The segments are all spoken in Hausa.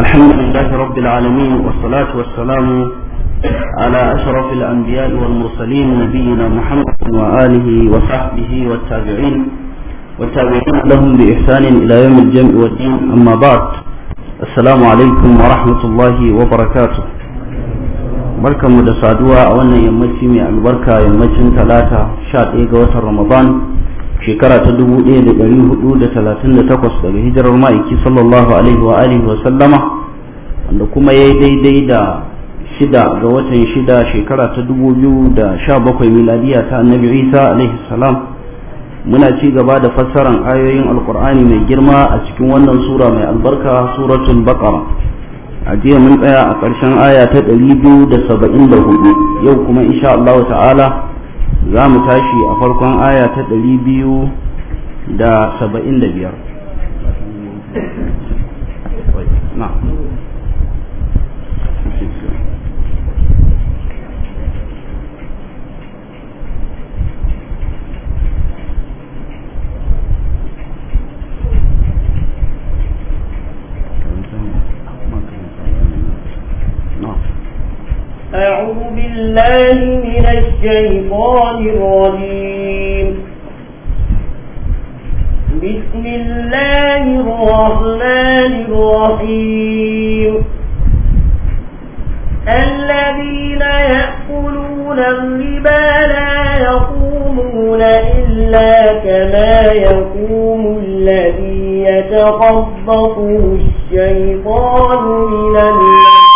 الحمد لله رب العالمين والصلاة والسلام على أشرف الأنبياء والمرسلين نبينا محمد وآله وصحبه والتابعين والتابعين لهم بإحسان إلى يوم الجمع والدين أما بعد السلام عليكم ورحمة الله وبركاته بركة مدسادوها أولا يمشي من البركة يمشي ثلاثة شاد إيقوة رمضان shekara ta 1438 daga hijirar ma'aiki sallallahu alaihi wa alihi wa sallama wanda kuma ya yi daidai da shida ga watan shida shekara ta 2017 miladiya ta annabi isa alaihi salam muna ci gaba da fassaran ayoyin alkur'ani mai girma a cikin wannan sura mai albarka suratul baqara a jiya mun tsaya a ƙarshen aya ta 274 yau kuma insha Allah ta'ala za mu tashi a farkon aya ta ɗari biyu da saba'in da biyar أعوذ بالله من الشيطان الرجيم بسم الله الرحمن الرحيم الذين يأكلون الربا لا يقومون إلا كما يقوم الذي يتخبطه الشيطان من الناس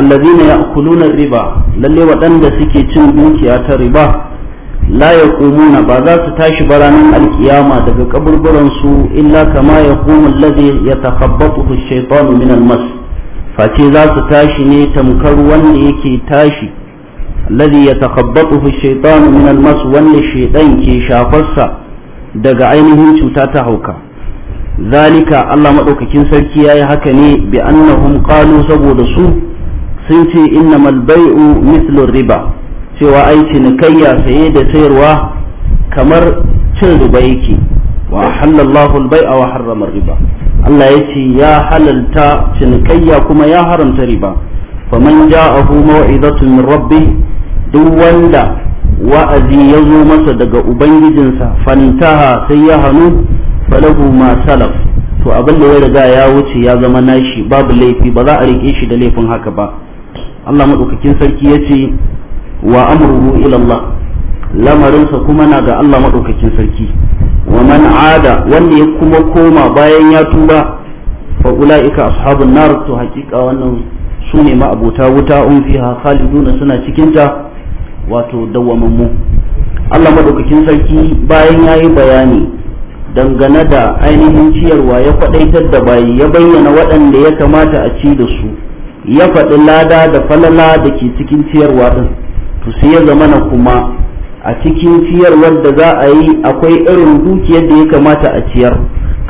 allazina kuluna riba lalle waɗanda suke cin dukiya ta riba la yaqumuna ba za su tashi ba ranar alkiyama daga kaburburan su illa kama yaqumu allazi yatakhabbathu ash-shaytanu min al-mas face za su tashi ne tamkar wanda yake tashi allazi yatakhabbathu ash-shaytanu min al-mas wanda shaytan ke shafarsa daga ainihin cuta ta hauka zalika Allah madaukakin sarki yayi haka ne bi annahum qalu saboda su sun ce innamal bai'u mislu riba cewa ai cinikayya saye da sayarwa kamar cin riba yake wa halallahu al-bai'a wa harrama riba Allah ya ce ya halalta cinikayya kuma ya haramta riba a ja'ahu maw'izatun min rabbi duk wanda wa'azi ya zo masa daga ubangijinsa fantaha sai ya hannu falahu ma salaf to abin da ya riga ya wuce ya zama nashi babu laifi ba za a rike shi da laifin haka ba Allah madaukakin sarki yace wa amruhu ila lamarinsa kuma na ga Allah madaukakin sarki wa man ada wanda ya kuma koma bayan ya tuba fa ulaika ashabun nar to hakika wannan su ne ma'abuta wuta un fiha khaliduna suna cikin ta wato dawwamammu Allah madaukakin sarki bayan yayi bayani dangane da ainihin ciyarwa ya kwaɗaitar da bayi ya bayyana waɗanda ya kamata a ci da su ya faɗi lada da falala da ke cikin ciyarwa ɗin to sai ya na kuma a cikin ciyarwar da za a yi akwai irin dukiyar da ya kamata a ciyar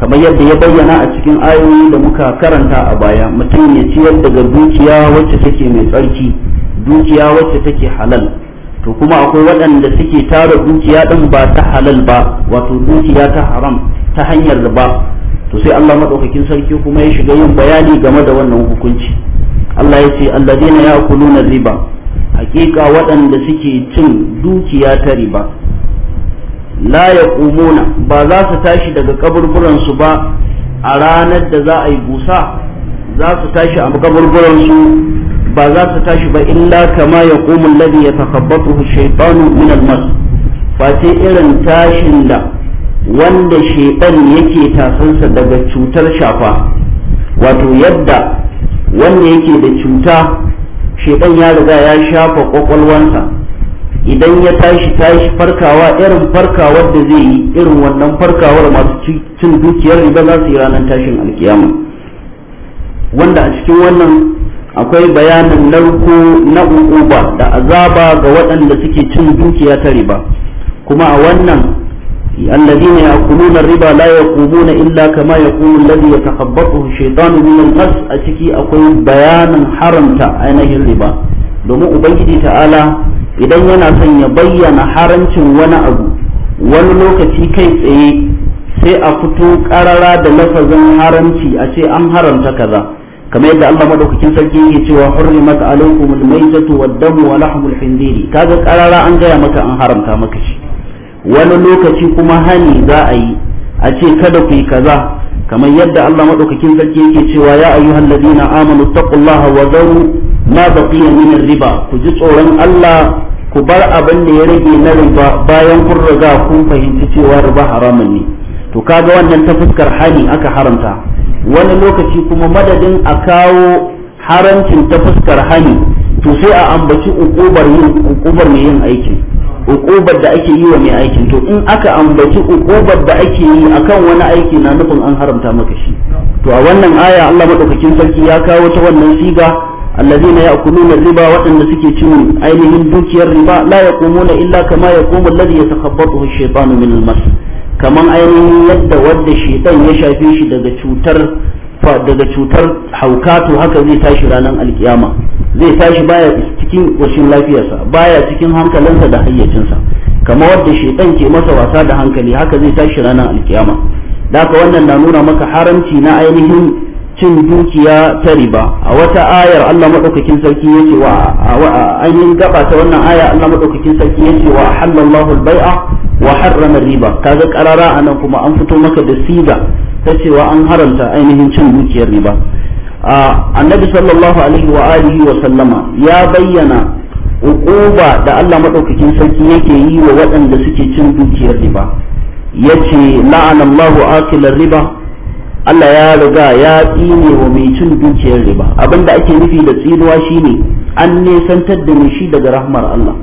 kamar yadda ya bayyana a cikin ayoyi da muka karanta a baya mutum ya ciyar daga dukiya wacce take mai tsarki dukiya wacce take halal to kuma akwai waɗanda suke tara dukiya ɗin ba ta halal ba wato dukiya ta haram ta hanyar riba to sai Allah maɗaukakin sarki kuma ya shiga yin bayani game da wannan hukunci Allah ya ce alladina ya kuluna riba hakika waɗanda suke cin dukiya ta riba la ya ba za su tashi daga kaburburansu ba a ranar da za a yi busa za su tashi a kaburburansu ba za su tashi ba illa kama ya ƙumun ladi ya takabbatu shaitanu min almas face irin tashin da wanda shaitan yake tasansa daga cutar shafa wato yadda wanda yake da cuta shedan ya riga ya shafa kwakwalwansa idan ya tashi tashi farkawa irin farkawar da zai yi irin wannan farkawar masu cin dukiyar riba za su yi ranar tashin alkiyama wanda a cikin wannan akwai bayanin narko na ba da azaba ga waɗanda suke cin dukiya ta riba kuma a wannan الذين يأكلون الربا لا يقومون إلا كما يقول الذي يتخبطه الشيطان من المس أتكي أقول بيانا حرمت أنه الربا لما أبيدي تعالى son ينا سن يبين حرمت abu أبو lokaci kai إيه sai a fito karara da lafazin haramci a ce an haramta kaza kamar yadda Allah madaukakin sarki yake cewa hurrimat alaikum almaytatu wad-damu wa lahmul khinziri kaga karara an gaya maka an haramta maka shi wani lokaci kuma hani za a yi a ce kada ku yi kaza kamar yadda Allah madaukakin sarki yake cewa ya ayyuhal ladina amanu taqullaha wa zaru ma baqiya min riba ku ji tsoron Allah ku bar abin da ya rage na riba bayan kun riga kun fahimci cewa riba haramun ne to kaga wannan ta fuskar hani aka haramta wani lokaci kuma madadin a kawo haramcin ta fuskar hani to sai a ambaci ukubar yin ukubar mai yin aikin uƙubar da ake yi wa mai aikin to in aka ambaci uƙubar da ake yi akan wani aiki na nufin an haramta maka shi to a wannan aya Allah madaukakin sarki ya kawo ta wannan siga allazina ya'kuluna riba waɗanda suke cin ainihin dukiyar riba la yaqumuna illa kama yaqumu alladhi yatakhabbathu ash-shaytanu min al-mas kaman ainihin yadda wanda shaytan ya shafe shi daga cutar daga cutar hauka to haka zai tashi ranar alkiyama zai tashi baya cikin ƙoshin lafiyarsa baya cikin hankalinsa da hayyacinsa kamar wadda shaitan ke masa wasa da hankali haka zai tashi ranar alkiyama daka wannan na nuna maka haramci na ainihin cin dukiya ta riba a wata ayar Allah madaukakin sarki yace wa ainihin gaba ta wannan aya Allah madaukakin sarki yace wa halallahu baia wa harrama riba kaga karara anan kuma an fito maka da siga ta cewa an haramta ainihin cin dukiyar riba annabi sallallahu alaihi wa alihi wa sallama ya bayyana uquba da Allah madaukakin sarki yake yi wa waɗanda suke cin dukiyar riba yace la'ana Allahu akilar riba Allah ya riga ya tsine wa mai cin dukiyar riba abinda ake nufi da tsinuwa shine an nesantar da shi daga rahmar Allah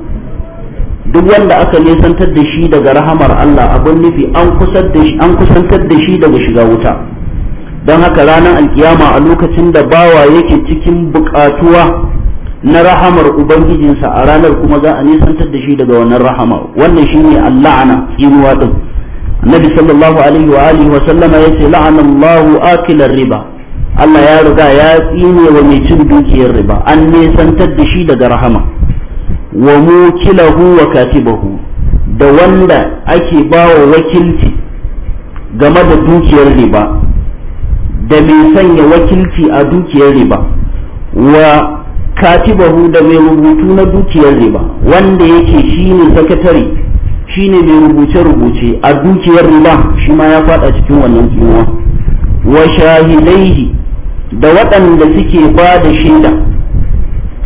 duk wanda aka nesantar da shi daga rahamar Allah abin nufi an kusantar da shi daga shiga wuta don haka ranar alkiyama a lokacin da bawa yake cikin bukatuwa na rahamar ubangijinsa a ranar kuma za a nisantar da shi daga wannan rahama wannan shine al-la'ana tsinuwa din annabi sallallahu alaihi wa alihi wa sallama yace la'ana Allahu akilar riba Allah ya riga ya tsine wa mai cin dukiyar riba an nisantar da shi daga rahama wa mukilahu wa katibahu da wanda ake bawa wakilci game da dukiyar riba da mai sanya wakilci a dukiyar riba wa katibahu da mai rubutu na dukiyar riba wanda yake shine sakatare shine mai rubuce-rubuce a dukiyar riba shi ma ya fada cikin wannan tsinuwa wa shahidaihi da waɗanda suke ba da shaida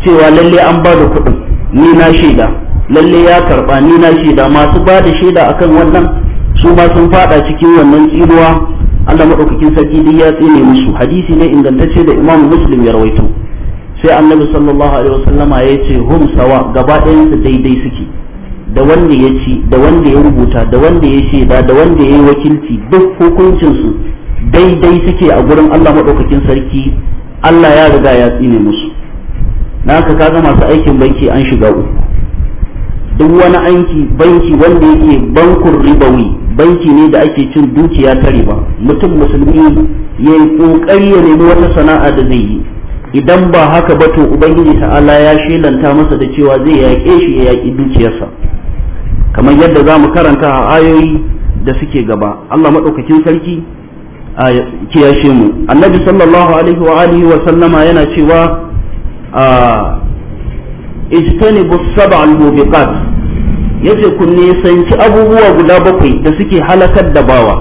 cewa lalle an ba da kuɗin ni na shaida lalle ya karɓa ni na shaida masu ba da shaida akan wannan su ma sun fada cikin wannan tsiruwa Allah madaukakin sarki duk ya tsine musu hadisi ne ingantacce da Imam Muslim ya rawaito sai Annabi sallallahu alaihi wasallama ya ce hum sawa gaba ɗayan daidai suke da wanda ya ci da wanda ya rubuta da wanda ya shaida da wanda ya yi wakilci duk hukuncin su daidai suke a gurin Allah madaukakin sarki Allah ya riga ya tsine musu na ka kaga masu aikin banki an shiga uku duk wani aiki banki wanda yake bankun ribawi banki ne da ake cin dukiya ta riba mutum musulmi ya yi kokari ya nemi wata sana'a da zai yi idan ba haka ba to ubangiji ta'ala ya shelanta masa da cewa zai yaƙe shi ya yaƙi dukiyarsa kamar yadda za mu karanta a ayoyi da suke gaba Allah maɗaukakin sarki a kiyashe mu annabi sallallahu alaihi wa alihi wa sallama yana cewa ijtanibu sab'al mubiqat yace ku nisanci abubuwa guda bakwai da suke halakar da bawa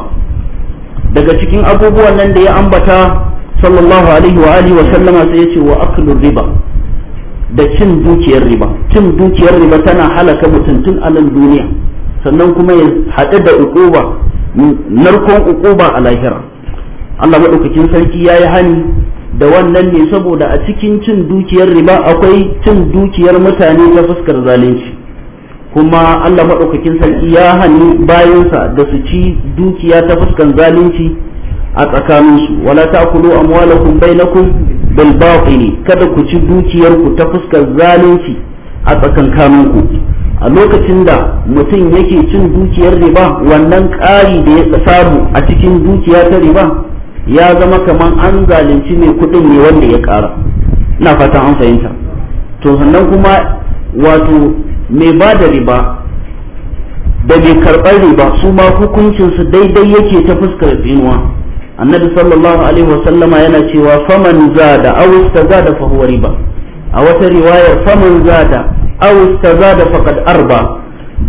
daga cikin abubuwan nan da ya ambata sallallahu alaihi wa alihi wa sallama sai yace wa aklu riba da cin dukiyar riba cin dukiyar riba tana halaka mutum tun a nan duniya sannan kuma ya haɗu da uquba narkon uquba a lahira Allah madaukakin sarki yayi hani da wannan ne saboda a cikin cin dukiyar riba akwai cin dukiyar mutane ta fuskar zalunci kuma Allah maɗaukakin sarki ya hani bayansa da su ci dukiya ta fuskan zalunci a tsakaninsu wala ta'kulu amwalakum bainakum bil batili kada ku ci dukiyar ku ta fuskar zalunci a ku. a lokacin da mutum yake cin dukiyar riba wannan ƙari da ya samu a cikin dukiya ta riba ya zama kamar an zalunci mai kuɗin ne wanda ya ƙara ina fatan an fahimta to sannan kuma wato mai ba da riba da mai karɓar riba su ma hukuncinsu daidai yake ta fuskar tsinuwa annabi sallallahu alaihi wasallama yana cewa faman da aw za da huwa riba a wata riwayar faman zada aw istazada faqad arba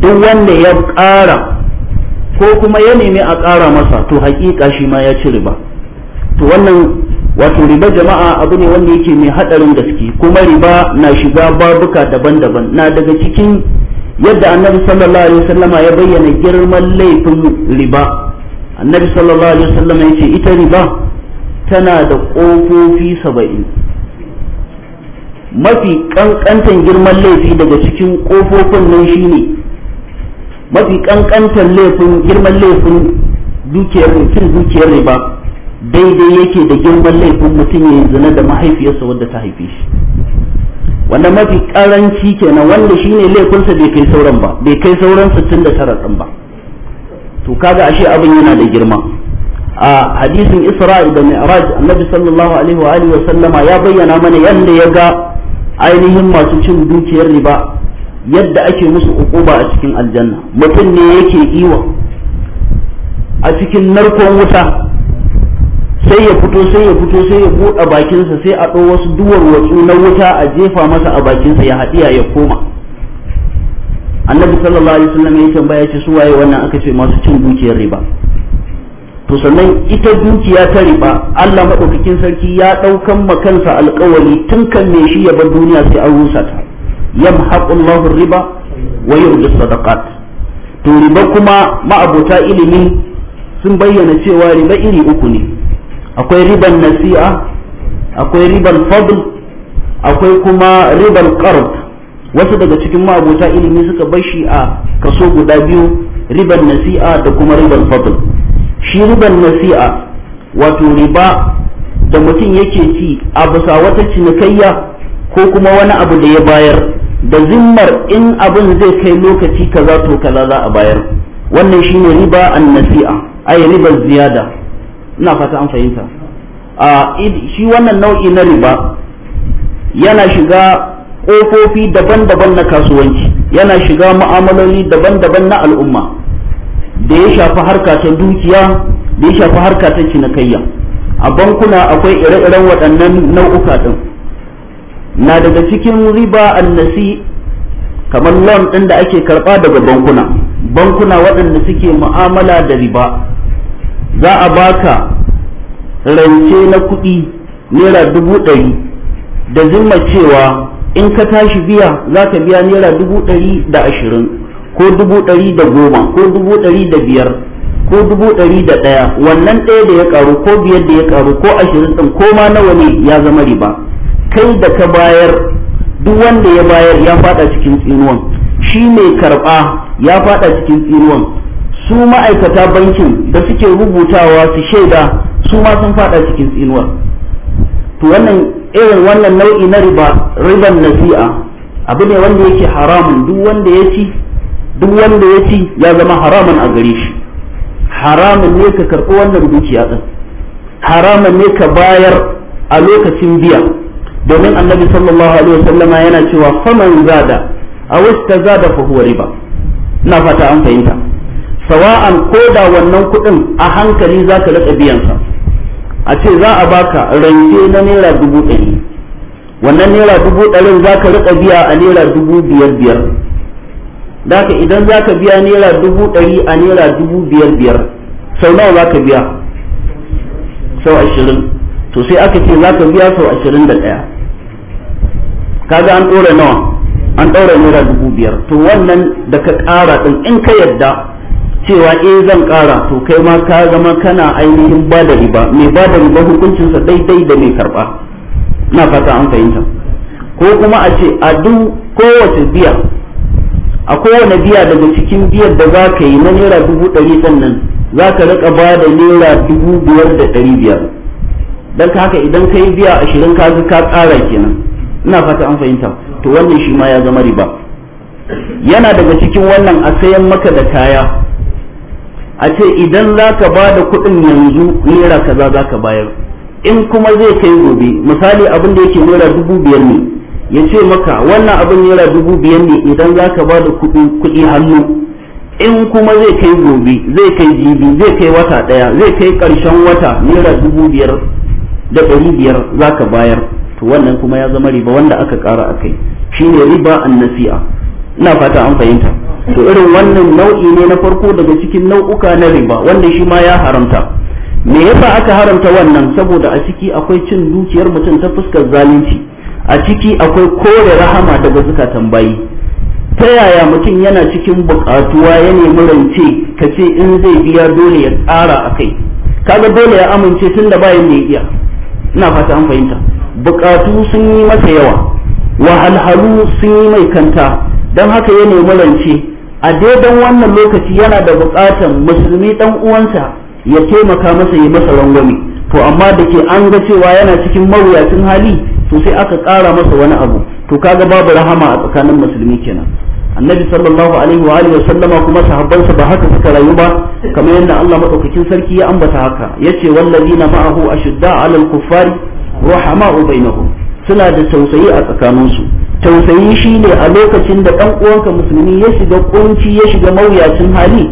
duk wanda ya ƙara ko kuma ya nemi a ƙara masa to haƙiƙa shi ma ya ci riba to wannan wato riba jama'a abu ne wanda yake mai hadarin gaske kuma riba na shiga babuka daban-daban na daga cikin yadda annabi sallallahu alaihi wasallama ya bayyana girman laifin riba annabi sallallahu alaihi wasallama ya ce ita riba tana da ƙofofi saba'in mafi ƙanƙantan girman laifi daga cikin ƙofofin nan shine mafi ƙanƙantan laifin girman laifin dukiyar mutum dukiyar riba daidai yake da girman laifin mutum ya zina da mahaifiyarsa wadda ta haife shi wanda mafi karanci kenan wanda shine laifinsa bai kai sauran ba bai kai sauran 69 din ba to kaga ashe abin yana da girma a hadisin Isra'i da Mi'raj Annabi sallallahu alaihi wa alihi wa sallama ya bayyana mana yadda ya ga ainihin masu cin dukiyar riba yadda ake musu ukuba a cikin aljanna mutum ne yake iwa a cikin narkon wuta sai ya fito sai ya fito sai ya buɗe bakinsa sai a ɗau wasu duwarwatsu na wuta a jefa masa a bakinsa ya haɗiya ya koma annabi sallallahu alaihi wasallam ya tambaya ce su waye wannan aka ce masu cin dukiyar riba to sannan ita dukiya ta riba Allah madaukakin sarki ya ɗaukan makansa kansa alƙawari tun kan me shi ya bar duniya sai an rusa ta Allahu riba wa yurbi sadaqat to riba kuma ma'abota ilimi sun bayyana cewa riba iri uku ne akwai riban nasi'a akwai riban fadl akwai kuma riban qard wasu daga cikin ma'abota ilimi suka bar shi a kaso guda biyu riban nasi'a da kuma riban fadl shi riban nasi'a wato riba da mutum yake ci a bisa wata cinikayya ko kuma wani abu da ya bayar da zimmar in abin zai kai lokaci kaza to kaza za a bayar wannan shine riba an nasi'a ay riba ziyada ina fata an fahimta shi wannan nau'i na riba yana shiga ƙofofi daban-daban na kasuwanci yana shiga ma'amaloli daban-daban na al'umma da ya shafi harka ta dukiya da ya shafi harka ta cinikayya a bankuna akwai ire-iren waɗannan nau'uka ɗin na daga cikin riba annasi kamar loan ɗin da ake karɓa daga bankuna bankuna waɗanda suke ma'amala da riba za a baka rance na kuɗi naira dubu ɗari da zimma cewa in ka tashi biya za ka biya naira dubu ɗari da ashirin ko dubu ɗari da goma ko dubu ɗari da biyar ko dubu ɗari da ɗaya wannan ɗaya da ya ƙaru ko biyar da ya ƙaru ko ashirin ɗin ko ma nawa ne ya zama riba kai da ka bayar duk wanda ya bayar ya faɗa cikin tsinuwan shi mai karɓa ya faɗa cikin tsinuwan su ma'aikata bankin da suke rubutawa su shaida su ma sun fada cikin tsinuwar to wannan irin wannan nau'i na riba riban nasi'a abu ne wanda yake haramun duk wanda ya ci duk wanda ya ci ya zama haramun a gare shi haramun ne ka karɓi wannan dukiya din haramun ne ka bayar a lokacin biya domin annabi sallallahu alaihi wasallam yana cewa faman zada a wasu ta zada fa huwa riba ina fata an fahimta sawa'an ko da wannan kuɗin a hankali za ka riƙa biyansa a ce za a baka rance na naira dubu ɗari wannan naira dubu ɗarin za ka riƙa biya a naira dubu biyar biyar da idan za ka biya naira dubu ɗari a naira dubu biyar biyar sau nawa za ka biya sau ashirin to sai aka ce za ka biya sau ashirin da ɗaya kaga an ɗora nawa an ɗora naira dubu biyar to wannan da ka ƙara ɗin in ka yadda cewa in eh zan ƙara to kai ma ka zama kana ainihin ba da riba mai ba da riba hukuncinsa daidai da mai karɓa na fata an fahimta ko kuma a ce a duk kowace biya a kowane biya daga cikin biyar da za ka yi na naira dubu ɗari ɗin nan za ka riƙa ba da naira dubu biyar da ɗari biyar don haka idan ka yi biya ashirin ka ka ƙara kenan ina fata an fahimta to wannan shi ma ya zama riba yana daga cikin wannan a sayan maka da kaya a ce idan za ka ba da kuɗin yanzu naira kaza za ka bayar in kuma zai kai gobe misali abin da yake naira dubu biyar ne ya ce maka wannan abin naira dubu biyar ne idan za ka ba da kuɗi hannu in kuma zai kai gobe zai kai jibi zai kai wata ɗaya zai kai ƙarshen wata naira dubu biyar da ɗari biyar za ka bayar to wannan kuma ya zama riba wanda aka ƙara a kai shine riba an nasi'a ina fata an fahimta to irin wannan nau'i ne na farko daga cikin nau'uka na riba wanda shi ma ya haramta me yasa aka haramta wannan saboda a ciki akwai cin dukiyar mutum ta fuskar zalunci a ciki akwai kore rahama daga suka tambayi. ta yaya mutum yana cikin buƙatuwa ya nemi rance ka ce in zai biya dole ya tsara a kai kaga dole ya amince tun da bayan da ya iya ina fata an fahimta buƙatu sun yi masa yawa wahalhalu sun yi mai kanta don haka ya nemi rance a daidan wannan lokaci yana da buƙatar musulmi dan uwansa ya taimaka masa ya masa rangwame to amma da ke an ga cewa yana cikin mawuyacin hali to sai aka kara masa wani abu to kaga babu rahama a tsakanin musulmi kenan annabi sallallahu alaihi wa alihi sallama kuma sahabbansa ba haka suka rayu ba kamar yadda Allah madaukakin sarki ya ambata haka yace wallazina ma'ahu ashidda 'alal kuffari rahama'u bainahum suna da tausayi a tsakaninsu tausayi shine a lokacin da ɗan uwanka musulmi ya shiga kunci ya shiga mawuyacin hali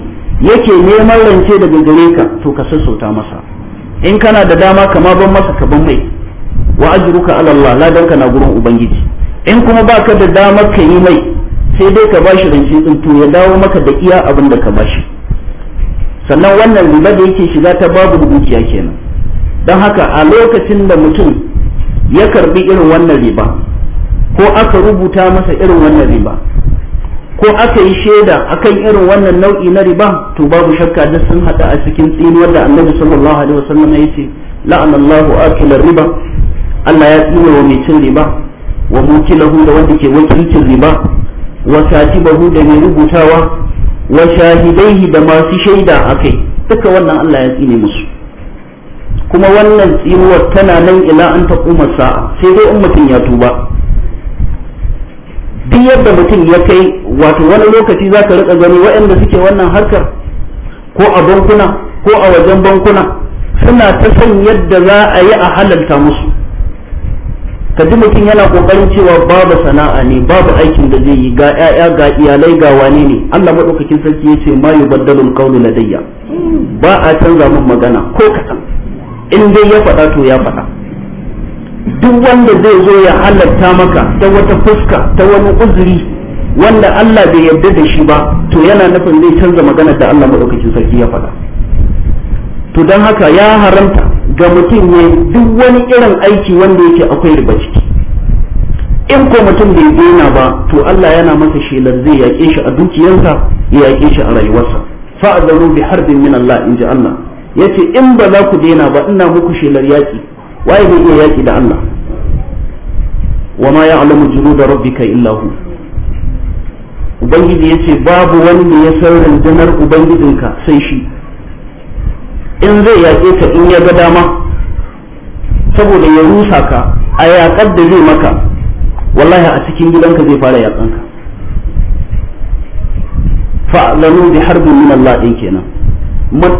yake neman rance daga gare ka to ka sassauta masa in kana da dama kama ban masa ka ban mai wa ajruka ala Allah na gurin ubangiji in kuma baka da dama ka yi mai sai dai ka bashi rance din to ya dawo maka da iya abin da ka bashi sannan wannan riba da yake shiga ta babu dukiya kenan don haka a lokacin da mutum ya karbi irin wannan riba ko aka rubuta masa irin wannan riba ko aka yi shaida akan irin wannan nau'i na riba to babu shakka da sun hada a cikin tsini da annabi sallallahu alaihi wasallam ya ce la'ana akila riba Allah ya tsina wa mai cin riba wa mukilahu da wanda ke wakilcin riba wa katibahu da mai rubutawa wa shahidaihi da masu shaida akai duka wannan Allah ya tsine musu kuma wannan tsinuwar tana nan ila an ta sa'a sai dai in mutum ya tuba duk yadda mutum ya kai wato wani lokaci za ka rika gani waɗanda suke wannan harkar ko a bankuna ko a wajen bankuna suna ta son yadda za a yi a halalta musu ka ji mutum yana kokarin cewa babu sana'a ne babu aikin da zai yi ga 'ya'ya ga iyalai ga wane ne Allah maɗaukakin sarki ya ce ma yubaddalul qawlu ladayya ba a canza min magana ko kaɗan in dai ya faɗa to ya faɗa duk wanda zai zo ya halatta maka ta wata fuska ta wani uzuri wanda Allah bai yarda da shi ba to yana nufin zai canza maganar da Allah madaukakin sarki ya faɗa to don haka ya haramta ga mutum ne duk wani irin aiki wanda yake akwai riba ciki in ko mutum bai daina ba to Allah yana masa shelar zai yaƙe shi a dukiyarsa ya yaƙe shi a rayuwarsa fa'adaru bi harbin min Allah in ji Allah yace in ba za ku daina ba ina muku shelar yaƙi waye zai iya yaƙi da Allah wa ma ya'lamu junuda rabbika illa hu ubangiji yace babu wanda ya san rundunar ubangijinka sai shi in zai yaƙe ka in ya ga dama saboda ya rusa ka a yaƙar da zai maka wallahi a cikin gidanka zai fara yaƙanka fa'lamu bi harbin min Allah din kenan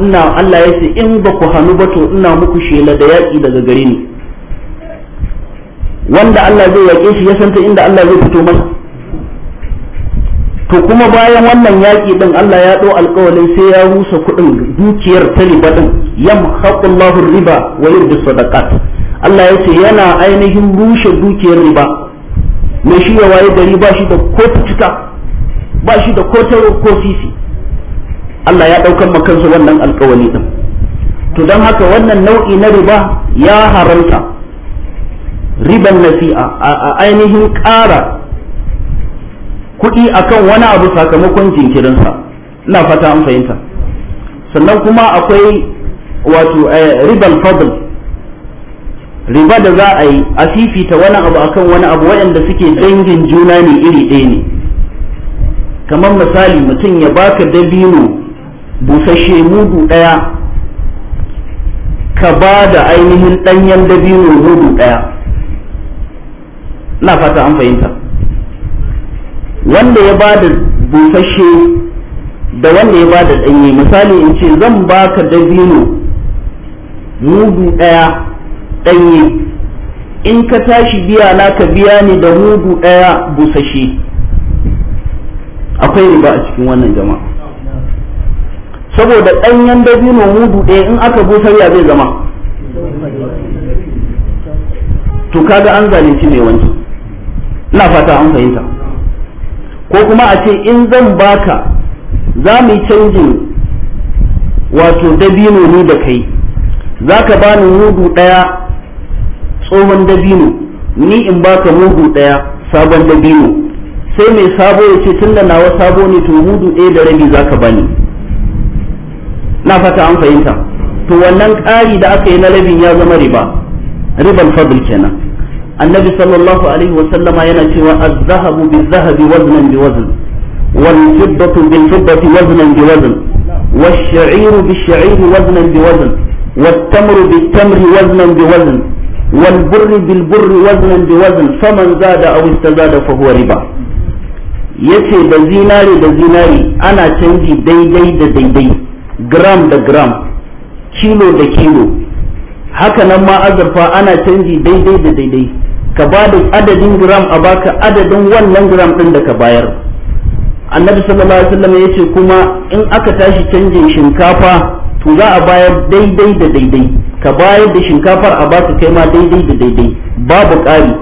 ina Allah ya ce in ba ku hannu ba to ina muku shela da yaƙi daga gare ni wanda Allah zai yaƙe shi ya santa inda Allah zai fito masa to kuma bayan wannan yaƙi ɗin, Allah ya ɗau alƙawalin sai ya rusa kuɗin dukiyar ta riba din yamhaqullahu riba wa da sadaqat Allah ya ce yana ainihin rushe dukiyar riba mai shi ya waye gari ba shi da ko fitita ba shi da ko taro ko sisi Allah ya ɗaukar makansa wannan alƙawali ɗin, to don haka wannan nau'i na riba ya haramta riban nasi'a a ainihin ƙara kuɗi akan wani abu sakamakon jinkirinsa ina fata an fahimta sannan kuma akwai wato eh, ribal fadl riba da za a yi a fifita wani abu akan wani abu waɗanda suke dangin juna ne iri ɗaya ne kamar misali mutum ya baka dabino busashe mudu ɗaya ka ba da ainihin ɗanyen dabino mudu ɗaya Ina fata an fahimta wanda ya bada busasshe da wanda ya bada ɗanye misali in ce zan baka dabino mudu ɗaya ɗanye in ka tashi biya na ka biya ni da mudu ɗaya busasshe akwai riba a cikin wannan jama'a saboda ɗanyen dabino mudu ɗaya in aka busar ya zai zama to kaga an zalunci mai wanki ina fata an fahimta ko kuma a ce in zan baka za mu yi canjin wato dabino ni da kai za ka bani mugu ɗaya tsohon dabino ni in baka mugu ɗaya sabon dabino sai mai sabo ya ce tun da nawa sabo ne to mugu ɗaya da rabi za ka bani na fata an fahimta to wannan ƙari da aka yi na rabin ya zama riba riban fadl kenan annabi sallallahu alaihi wa sallama yana cewa az-zahabu bil-zahabi waznan bi wazn wal-fiddatu bil-fiddati waznan bi wazn wash-sha'iru bish-sha'iri waznan bi wazn wat-tamru bit-tamri waznan bi wazn wal-burru bil-burri waznan bi wazn faman zada aw istazada fa huwa riba yace da zinari da zinari ana canji daidai da daidai gram da gram kilo da kilo haka nan ma azurfa ana canji daidai da daidai ka ba da adadin gram a baka adadin wannan gram din da ka bayar annabi sallallahu alaihi wasallam ya ce kuma in aka tashi canjin shinkafa to za a bayar daidai da daidai ka bayar da shinkafar a baka kai ma daidai da daidai babu ƙari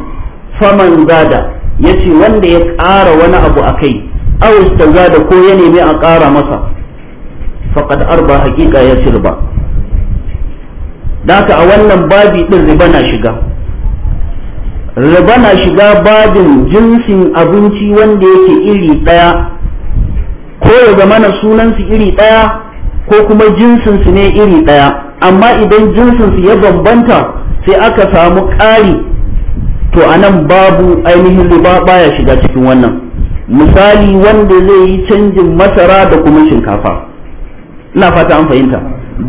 faman zada ya ce wanda ya ƙara wani abu a kai Awista ta zada ko ya nemi a ƙara masa faƙad arba haƙiƙa ya ci riba da a wannan babi ɗin riba na shiga riba na shiga babin jinsin abinci wanda yake iri ɗaya ko ya zama na sunansu iri ɗaya ko kuma jinsinsu ne iri ɗaya amma idan jinsinsu ya bambanta sai aka samu ƙari to a nan babu ainihin riba baya shiga cikin wannan misali wanda zai yi canjin masara da kuma shinkafa ina fata an fahimta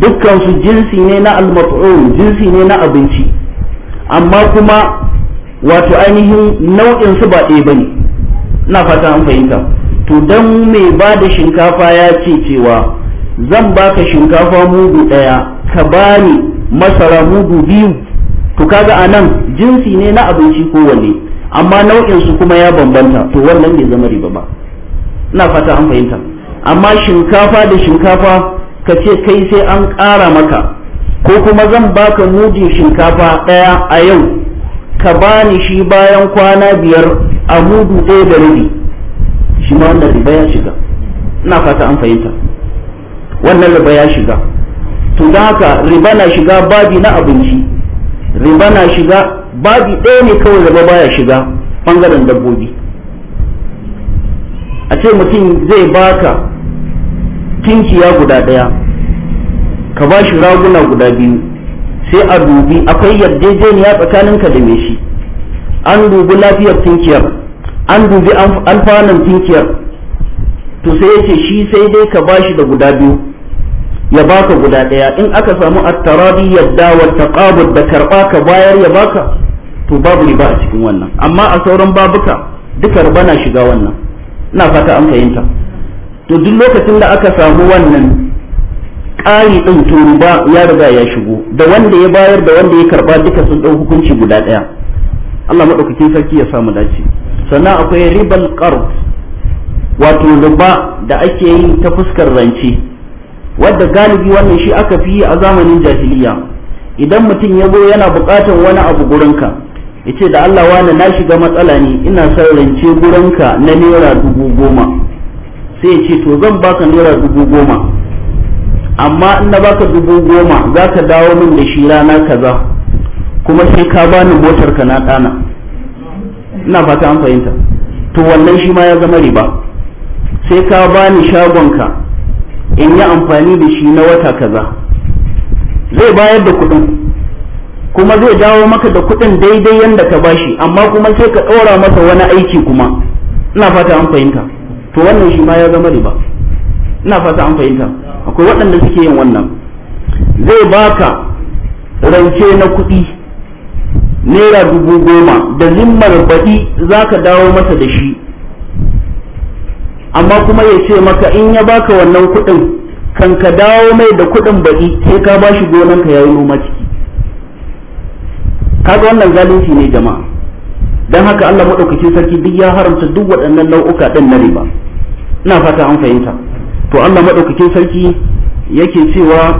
dukkan jinsi ne na almat'um jinsi ne na abinci amma kuma wato ainihin nau'in su ba ɗaya bane ina fata an fahimta to dan mai ba da shinkafa ya ce cewa zan baka shinkafa mudu ɗaya ka bani masara mudu biyu to kaga a nan jinsi ne na abinci kowanne amma nau'in su kuma ya bambanta to wannan bai zama riba ba ina fata an fahimta amma shinkafa da shinkafa ka ce kai sai an ƙara maka ko kuma zan baka mudin shinkafa ɗaya a yau ka bani shi bayan kwana biyar a mudu ɗaya da rabi shi ma wannan riba ya shiga ina fata an fahimta wannan riba ya shiga to don haka riba na shiga babi na abinci riba na shiga babi ɗaya ne kawai riba baya shiga ɓangaren dabbobi a ce mutum zai baka tinkiya guda ɗaya ka ba shi raguna guda biyu sai a dubi akwai yarjejeniya tsakaninka da me shi an dubi lafiyar tunkiyar an dubi alfanan tunkiyar to sai yace shi sai dai ka bashi da guda biyu ya baka guda ɗaya in aka samu attaradi yadda wa taqabud da karba ka bayar ya baka to babu riba a cikin wannan amma a sauran babuka duka riba na shiga wannan ina fata an fahimta to duk lokacin da aka samu wannan ƙari ɗin turuba ya riga ya shigo da wanda ya bayar da wanda ya karɓa duka sun ɗau hukunci guda ɗaya Allah maɗaukakin sarki ya samu dace sannan akwai ribal qard wato riba da ake yi ta fuskar rance wadda galibi wannan shi aka fi yi a zamanin jahiliya idan mutum ya zo yana buƙatar wani abu gurinka ya ce da Allah wani na shiga matsala ne ina son rance gurinka na naira dubu goma sai ya ce to zan baka naira dubu goma amma in na baka dubu goma za ka dawo min da shi rana kaza kuma sai ka bani motar ka na ɗana ina fata an fahimta to wannan shi ma ya zama riba sai ka bani shagonka in yi amfani da shi na wata kaza zai bayar da kuɗin kuma zai dawo maka da kuɗin daidai yadda ka bashi amma kuma sai ka ɗora masa wani aiki kuma ina fata an fahimta to wannan shi ma ya zama riba ina fata an fahimta akwai waɗanda suke yin wannan zai baka rance na kuɗi naira dubu goma da zimmar baɗi za ka dawo masa da shi amma kuma ya ce maka in ya baka wannan kuɗin kan ka dawo mai da kuɗin baɗi sai ka ba shi gonanka ya yi noma ciki kaga wannan zalunci ne jama'a don haka Allah maɗaukacin sarki duk ya haramta duk waɗannan nau'uka ɗin na riba ina fata an fahimta to Allah maɗaukakin sarki yake cewa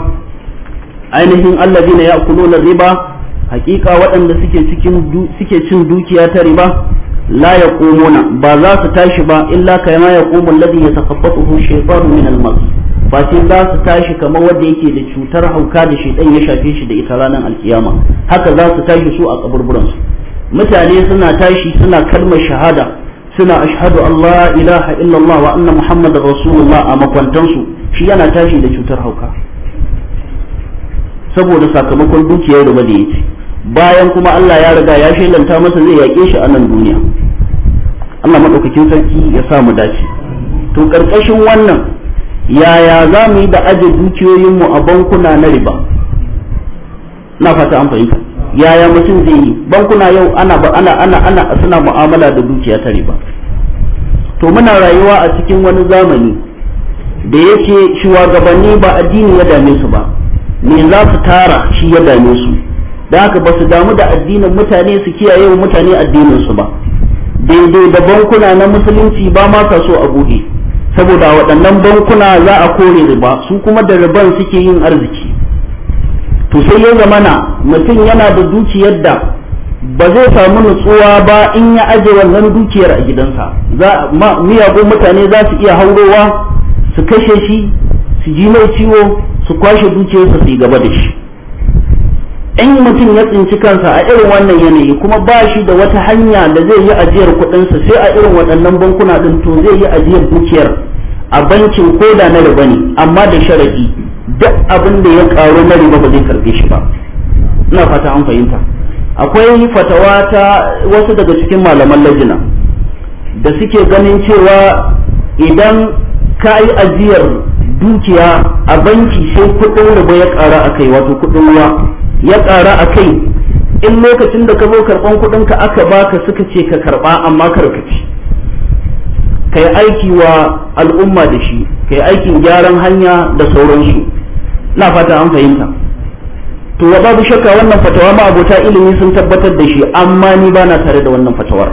ainihin Allah allazina na riba hakika waɗanda suke cin dukiya ta riba la yaqumuna ba za su tashi ba illa kama ya alladhi yatakhabbathu shaytanu min al-mas ba sai za su tashi kamar wanda yake da cutar hauka da shaytan ya shafe shi da ita ranar alkiyama haka za su tashi su a kaburburan mutane suna tashi suna kalmar shahada suna ashhadu Allah ilaha illallah wa anna muhammadar rasulullah a makwantansu shi yana tashi da cutar hauka saboda sakamakon dukiyar da da yace bayan kuma Allah ya riga ya shelanta masa zai yaƙe shi a nan duniya Allah maɗaukakin sarki ya sa mu dace to ƙarƙashin wannan yaya za mu yi da aje dukiyoyinmu a bankuna na riba na fata an fahimta yaya mutum zai yi bankuna yau ana ana ana ana suna mu'amala da dukiya ta riba to muna rayuwa a cikin wani zamani da yake shugabanni ba addini ya dame su ba me za su tara shi ya dame su da haka ba su damu da addinin mutane su kiyaye wa mutane addinin su ba daidai da bankuna na musulunci ba ma sa so a buɗe saboda waɗannan bankuna za a kore riba su kuma da riban suke yin arziki to sai ya zamana mutum yana da dukiyar da ba zai samu nutsuwa ba in ya aje wannan dukiyar a gidansa miyagun mutane za su iya haurowa su kashe shi su ji mai ciwo su kwashe dukiyarsa su yi gaba da shi in mutum ya tsinci kansa a irin wannan yanayi kuma ba shi da wata hanya da zai yi ajiyar kuɗinsa sai a irin waɗannan bankuna ɗin to zai yi ajiyar dukiyar a bankin koda na riba ne amma da sharadi abin da ya karu na riba ba zai karbe shi ba ina fata an fahimta akwai fatawa ta wasu daga cikin malaman lajina da suke ganin cewa idan ka yi ajiyar dukiya a banki sai kudin riba ya kara a kai wato kudin ruwa ya kara a kai in lokacin da ka zo karban kudin ka aka baka suka ce ka karba amma karkaci kai aiki wa al'umma da shi kai aikin gyaran hanya da sauransu na fata an fahimta to wa babu shakka wannan fatawa ma abota ilimi sun tabbatar da shi amma ni ba na tare da wannan fatawar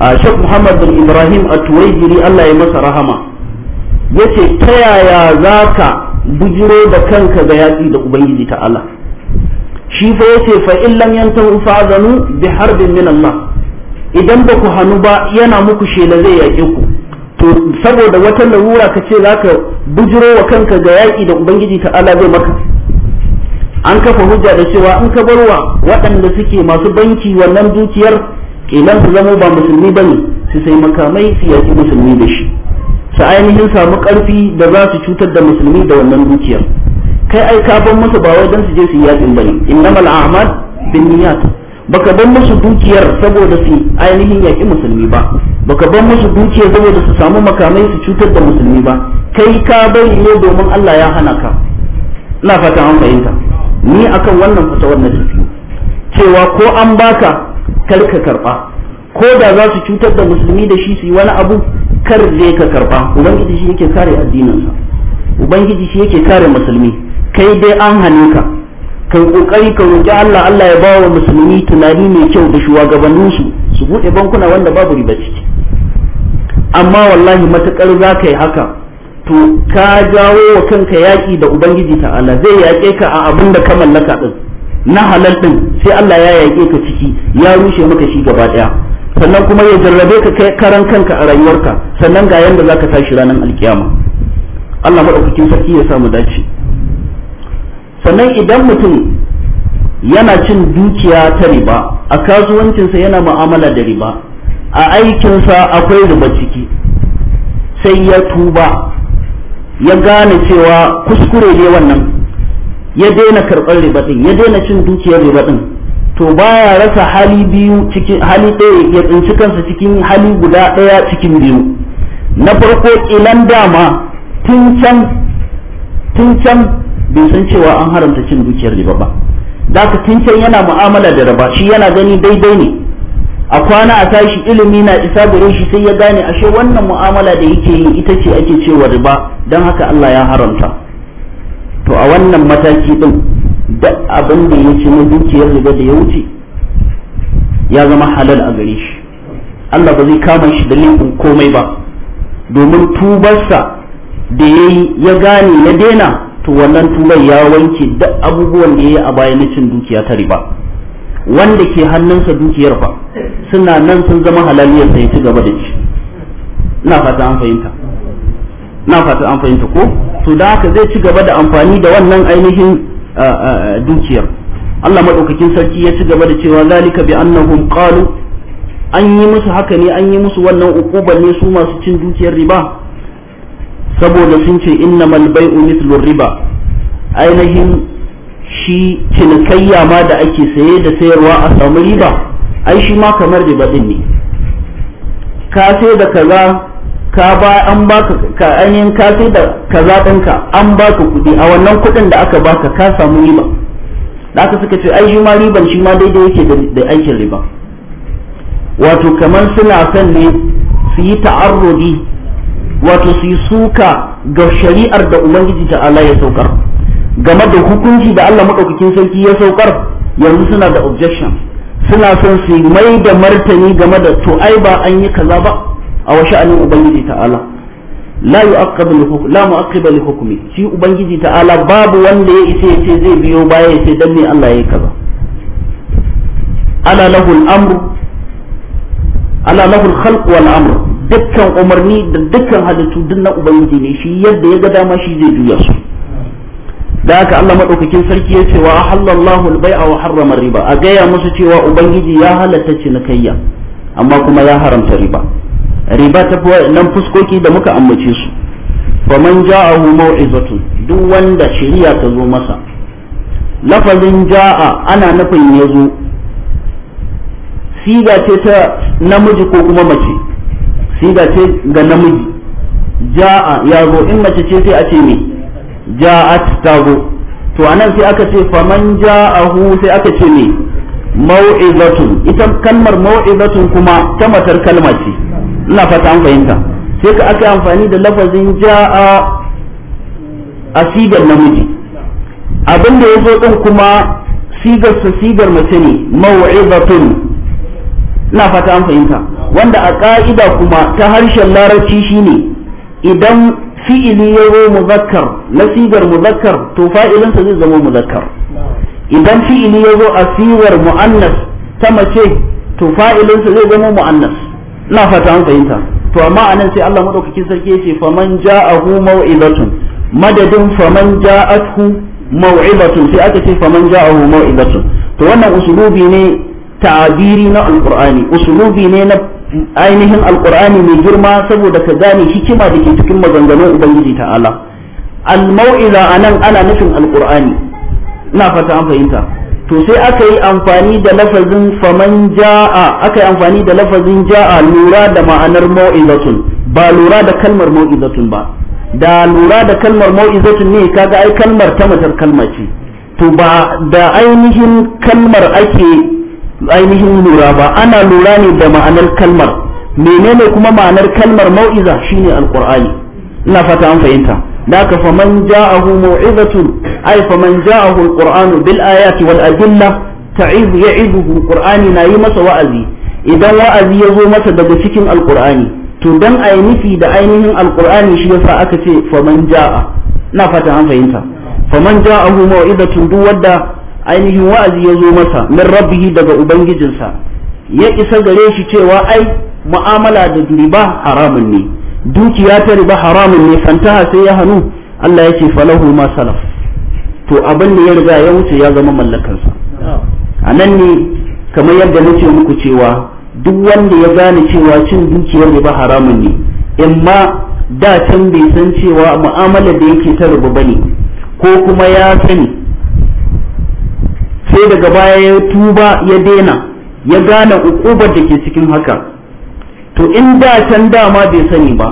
a shek muhammad bin ibrahim a turai jiri allah ya masa rahama ya ce ta yaya za ka bujiro da kanka ga yaƙi da ubangiji ta allah shi fa ya ce fa illam yantahu fa'azanu bi harbin min allah idan ba ku hannu ba yana muku shela zai yaƙe ku to saboda wata larura ka ce za ka bujiro wa kanka ga yaƙi da ubangiji ta'ala zai maka an kafa hujja da cewa in ka barwa waɗanda suke masu banki wannan dukiyar kilan su zamo ba musulmi bane su sai makamai su yaƙi musulmi da shi su ainihin samu ƙarfi da za su cutar da musulmi da wannan dukiyar kai ai ka ban musu ba wai don su je su yaƙin bane innamal a'mal binniyat baka ban musu dukiyar saboda su ainihin yaƙi musulmi ba baka bar musu dukiya saboda su samu makamai su cutar da musulmi ba kai ka bai ne domin Allah ya hana ka ina fata an fahimta ni akan wannan fatawar na tafi cewa ko an baka kar ka karba ko da za su cutar da musulmi da shi su yi wani abu kar je ka karba ubangiji shi yake kare addininsa ubangiji shi yake kare musulmi kai dai an hane ka kai kokari ka roki Allah Allah ya bawa musulmi tunani mai kyau da shugabanninsu su buɗe bankuna wanda babu riba ciki amma wallahi matakar za ka yi haka to ka jawo wa kanka yaƙi da ubangiji ta'ala zai yaƙe ka a abin da ka mallaka ɗin na halal ɗin sai Allah ya yaƙe ka ciki ya rushe maka shi gaba ɗaya sannan kuma ya jarrabe ka kai karan kanka a rayuwarka sannan ga yanda za ka tashi ranar alkiyama Allah maɗaukakin sarki ya samu dace sannan idan mutum yana cin dukiya ta riba a kasuwancinsa yana mu'amala da riba a aikinsa akwai zuba ciki sai ya tuba ya gane cewa kuskure ne wannan ya daina karɓar riba ɗin ya daina cin dukiyar riba ɗin to baya rasa hali biyu cikin hali ɗaya ya tsinci kansa cikin hali guda ɗaya cikin biyu na farko ilan dama tun can bai san cewa an haramta cin dukiyar riba ba da tun can yana mu'amala da riba shi yana gani daidai ne a kwana a tashi ilimi na isa gare shi sai ya gane ashe wannan mu'amala da yake yi ita ce ake cewa riba don haka Allah ya haramta to a wannan mataki din da abin da ya ce dukiyar riba da ya wuce ya zama halal a gare shi Allah ba zai kama shi da laifin komai ba domin tubarsa da ya yi ya gane ya daina to wannan tubar ya wanke duk abubuwan da ya yi a bayan cin dukiya ta riba wanda ke hannunsa dukiyar ba. suna nan sun zama halaliyar sai ci gaba da shi ina fata an fahimta ina fata an fahimta ko to da haka zai ci gaba da amfani da wannan ainihin dukiyar Allah madaukakin sarki ya ci gaba da cewa zalika bi annahum qalu an yi musu haka ne an yi musu wannan ukubar ne su masu cin dukiyar riba saboda sun ce innamal bai'u mithlu riba ainihin shi cinikayya ma da ake saye da sayarwa a samu riba ai shi ma kamar riba din ne ka sai da kaza ka ba an baka ka ainihin ka sai da kaza ɗinka an baka kuɗi a wannan kuɗin da aka baka ka samu riba da aka suka ce ai shi ma riban shi ma daidai yake da aikin riba wato kamar suna son ne su yi ta'arrudi wato su yi suka ga shari'ar da ubangiji Allah ya saukar game da hukunci da Allah maɗaukakin sarki ya saukar yanzu suna da objections suna son su mai da martani game da to ai ba an yi kaza ba a wasu alin ubangiji ta'ala la yu'aqqabu li hukmi la li hukumi shi ubangiji ta'ala babu wanda ya isa ya ce zai biyo baya ya ce dan ne Allah yi kaza ala lahul amru ala lahul khalq wal dukkan umarni da dukkan halittu duk ubangiji ne shi yadda ya ga dama shi zai juya su da haka Allah madaukakin sarki ya ce wa halallahu al-bai'a wa harrama riba a gaya musu cewa ubangiji ya halatta cinikayya amma kuma ya haramta riba riba ta fi nan fuskoki da muka ambace su fa man ja'ahu maw'izatun duk wanda shari'a ta zo masa lafazin ja'a ana nufin ya zo siga ce ta namiji ko kuma mace siga ce ga namiji ja'a ya zo in mace ce sai a ce me ja'at tago to anan sai aka ce faman ja'ahu sai aka ce ne mau'izatun ita kalmar mau'izatun kuma ta matar kalma ce ina fata an fahimta sai ka aka amfani da lafazin ja'a a sigar namiji abin da ya zo din kuma sigar sa sigar mace ne mau'izatun ina fata an fahimta wanda a ka'ida kuma ta harshen larabci shine idan fi'ili ya zo muzakkar lasigar muzakkar to fa'ilinsa zai zama mu zakar idan fi'ili ya zo a sigar mu'annas ta mace to fa'ilinsa zai zama mu'annas ina fata an fahimta to amma anan sai Allah madaukakin sarki ya ce faman ja'ahu maw'izatun madadin faman ja'athu maw'izatun sai aka ce faman ja'ahu maw'izatun to wannan usulubi ne ta'abiri na alqur'ani usulubi ne na ainihin alqur'ani mai girma saboda ka gane hikima da ke cikin maganganun ubangiji ta'ala al-mau'iza anan ana nufin alqur'ani ina fata an fahimta to sai aka yi amfani da lafazin faman ja'a aka yi amfani da lafazin ja'a lura da ma'anar mau'izatun ba lura da kalmar mau'izatun ba da lura da kalmar mau'izatun ne kaga ai kalmar ta matar kalma ce to ba da ainihin kalmar ake ainihin lura ba ana lura ne da ma'anar kalmar menene kuma ma'anar kalmar mau'iza shine alqur'ani ina fata an fahimta da ka fa man ja'ahu mau'izatun ay fa man ja'ahu alqur'anu bil ayati wal adilla ta'iz ya'izuhu alqur'ani na yi masa wa'azi idan wa'azi ya zo masa daga cikin alqur'ani to dan ayi nufi da ainihin alqur'ani shi yasa aka ce fa man ja'a ina fata an fahimta fa man ja'ahu mau'izatun duk wanda ainihin wa'azi ya zo masa min rabbihi daga ubangijinsa ya isa gare shi cewa ai mu'amala da riba haramun ne dukiya ta riba haramun ne fantaha sai ya hannu Allah ya ce falahu ma salaf to abin da ya riga ya wuce ya zama mallakansa. a nan ne kamar yadda na ce muku cewa duk wanda ya gane cewa cin dukiyar riba haramun ne in ma da can bai san cewa mu'amala da yake ta riba bane ko kuma ya sani sai daga baya ya tuba ya dena ya gane ukubar da ke cikin haka to in da can dama bai sani ba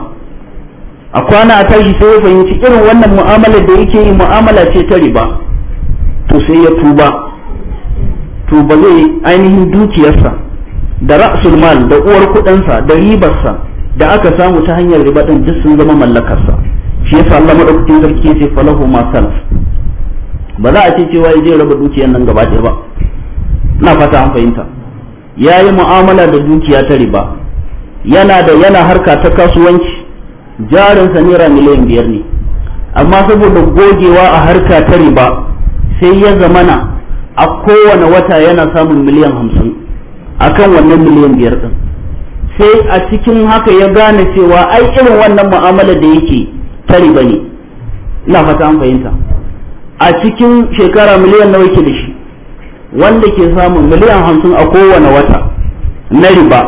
a kwana a tashi sai ya fahimci irin wannan mu'amala da yake yi mu'amala ce ta riba to sai ya tuba to ba zai ainihin dukiyarsa da ra'asul mal da uwar kuɗinsa da ribarsa da aka samu ta hanyar riba din duk sun zama mallakarsa shi yasa Allah madaukakin sarki ya ce falahu ma ba za a ce cewa ya je raba dukiyar nan gaba ɗaya ba ina fata an fahimta ya yi mu'amala da dukiya ta riba yana da yana harka ta kasuwanci jarinsa naira miliyan biyar ne amma saboda gogewa a harka ta riba sai ya zamana a kowane wata yana samun miliyan hamsin a kan wannan miliyan biyar ɗin sai a cikin haka ya gane cewa ai irin wannan mu'amala da yake ta riba ne ina fata an fahimta a cikin shekara miliyan nawa ke da shi wanda ke samun miliyan hamsin a kowane wata na riba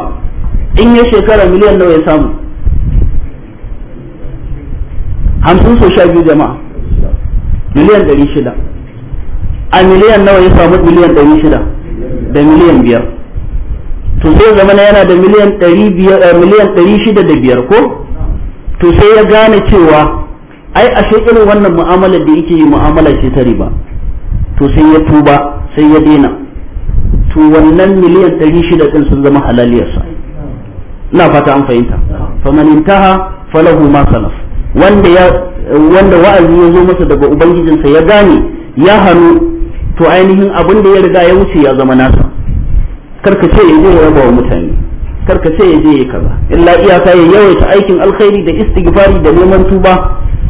in ya shekara miliyan nawa ya samu hamsin so sha biyu jama'a miliyan ɗari shida a miliyan nawa ya samu miliyan ɗari shida da miliyan biyar to sai zama yana da eh, miliyan ɗari shida da biyar ko to sai ya gane cewa ai ashe irin wannan mu'amalar da yake yi mu'amala ce ta riba to sai ya tuba sai ya daina to wannan miliyan ɗari shida ɗin sun zama halaliyarsa ina fata an fahimta faman intaha falahu ma salaf wanda ya wanda wa'azi ya zo masa daga ubangijinsa ya gane ya hannu to ainihin abin da ya riga ya wuce ya zama nasa karka ce ya je ya rabawa mutane karka ce ya je ya kaza illa iyaka ya yawaita aikin alkhairi da istighfari da neman tuba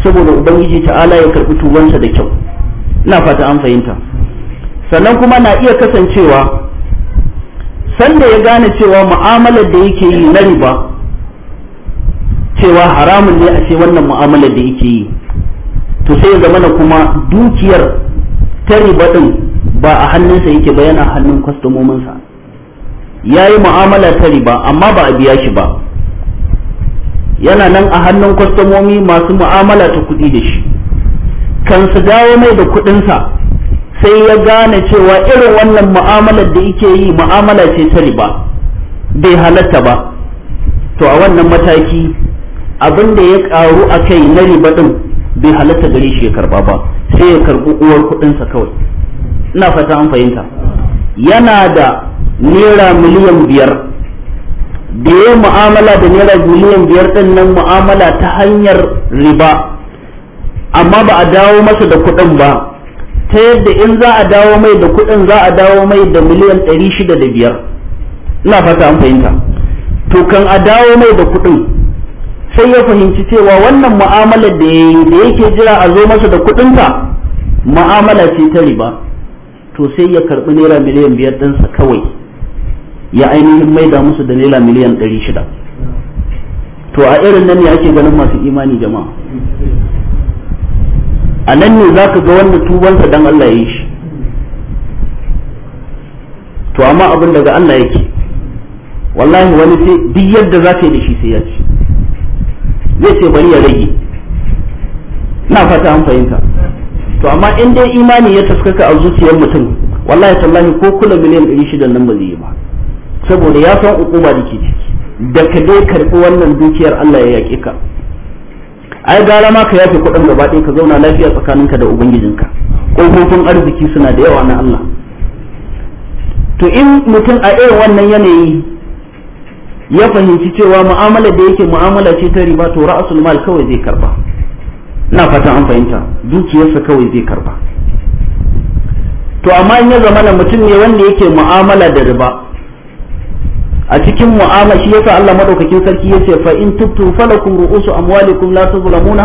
saboda ubangiji ta'ala ya karbi tubansa da kyau ina fata an fahimta sannan kuma na iya kasancewa sanda ya gane cewa mu'amalar da yake yi na riba cewa haramun ne a ce wannan mu'amalar da yake yi to sai ya zama kuma dukiyar ta riba din ba a hannunsa yake ba yana hannun kwastomominsa ya yi mu'amala ta riba amma ba a biya shi ba yana nan a hannun kwastomomi masu mu'amala ta kuɗi da shi kan su dawo mai da kuɗinsa sai ya gane cewa irin wannan mu'amalar da yake yi mu'amala ce ta riba bai halatta ba to a wannan mataki abin da ya karu a kai na riba ɗin bai halatta gare shi ya karba ba sai ya karbi uwar kuɗinsa kawai ina fata an fahimta yana da naira miliyan biyar da ya yi mu'amala da naira miliyan biyar ɗin nan mu'amala ta hanyar riba amma ba a dawo masa da kuɗin ba ta yadda in za a dawo mai da kuɗin za a dawo mai da miliyan ɗari shida da biyar ina fata an fahimta to kan a dawo mai da kuɗin sai ya fahimci cewa wannan mu'amala da ya yi da yake jira a zo masa da kuɗinsa mu'amala ce ta riba to sai ya karɓi naira miliyan biyar ɗinsa kawai ya ainihin maida musu da naira miliyan 600 to a irin nan ne ake ganin masu imani jama'a a nan ne za ka ga wanda tubansa dan Allah ya yi shi to amma abin daga Allah yake wallahi wani sai duk yadda za ka yi da shi sai ya ci zai ce bari ya rage na fata an fahimta to amma in dai imani ya taskaka a zuciyar mutum wallahi tallahi ko kula miliyan 600 nan ba zai yi ba saboda ya san hukuma da ke ciki da ka dai karɓi wannan dukiyar Allah ya yaƙe ka ai gara ma ka yafe kuɗin gaba ɗaya ka zauna lafiya tsakaninka da ubangijinka ƙofofin arziki suna da yawa na Allah to in mutum a irin wannan yanayi ya fahimci cewa mu'amala da yake mu'amala ce ta riba to ra'asul mal kawai zai karba ina fatan an fahimta dukiyarsa kawai zai karba to amma in ya zama mutum ne wanda yake mu'amala da riba a cikin mu'amala shi yasa Allah madaukakin sarki yace fa in tuttu falakum ru'usu amwalikum la tuzlamuna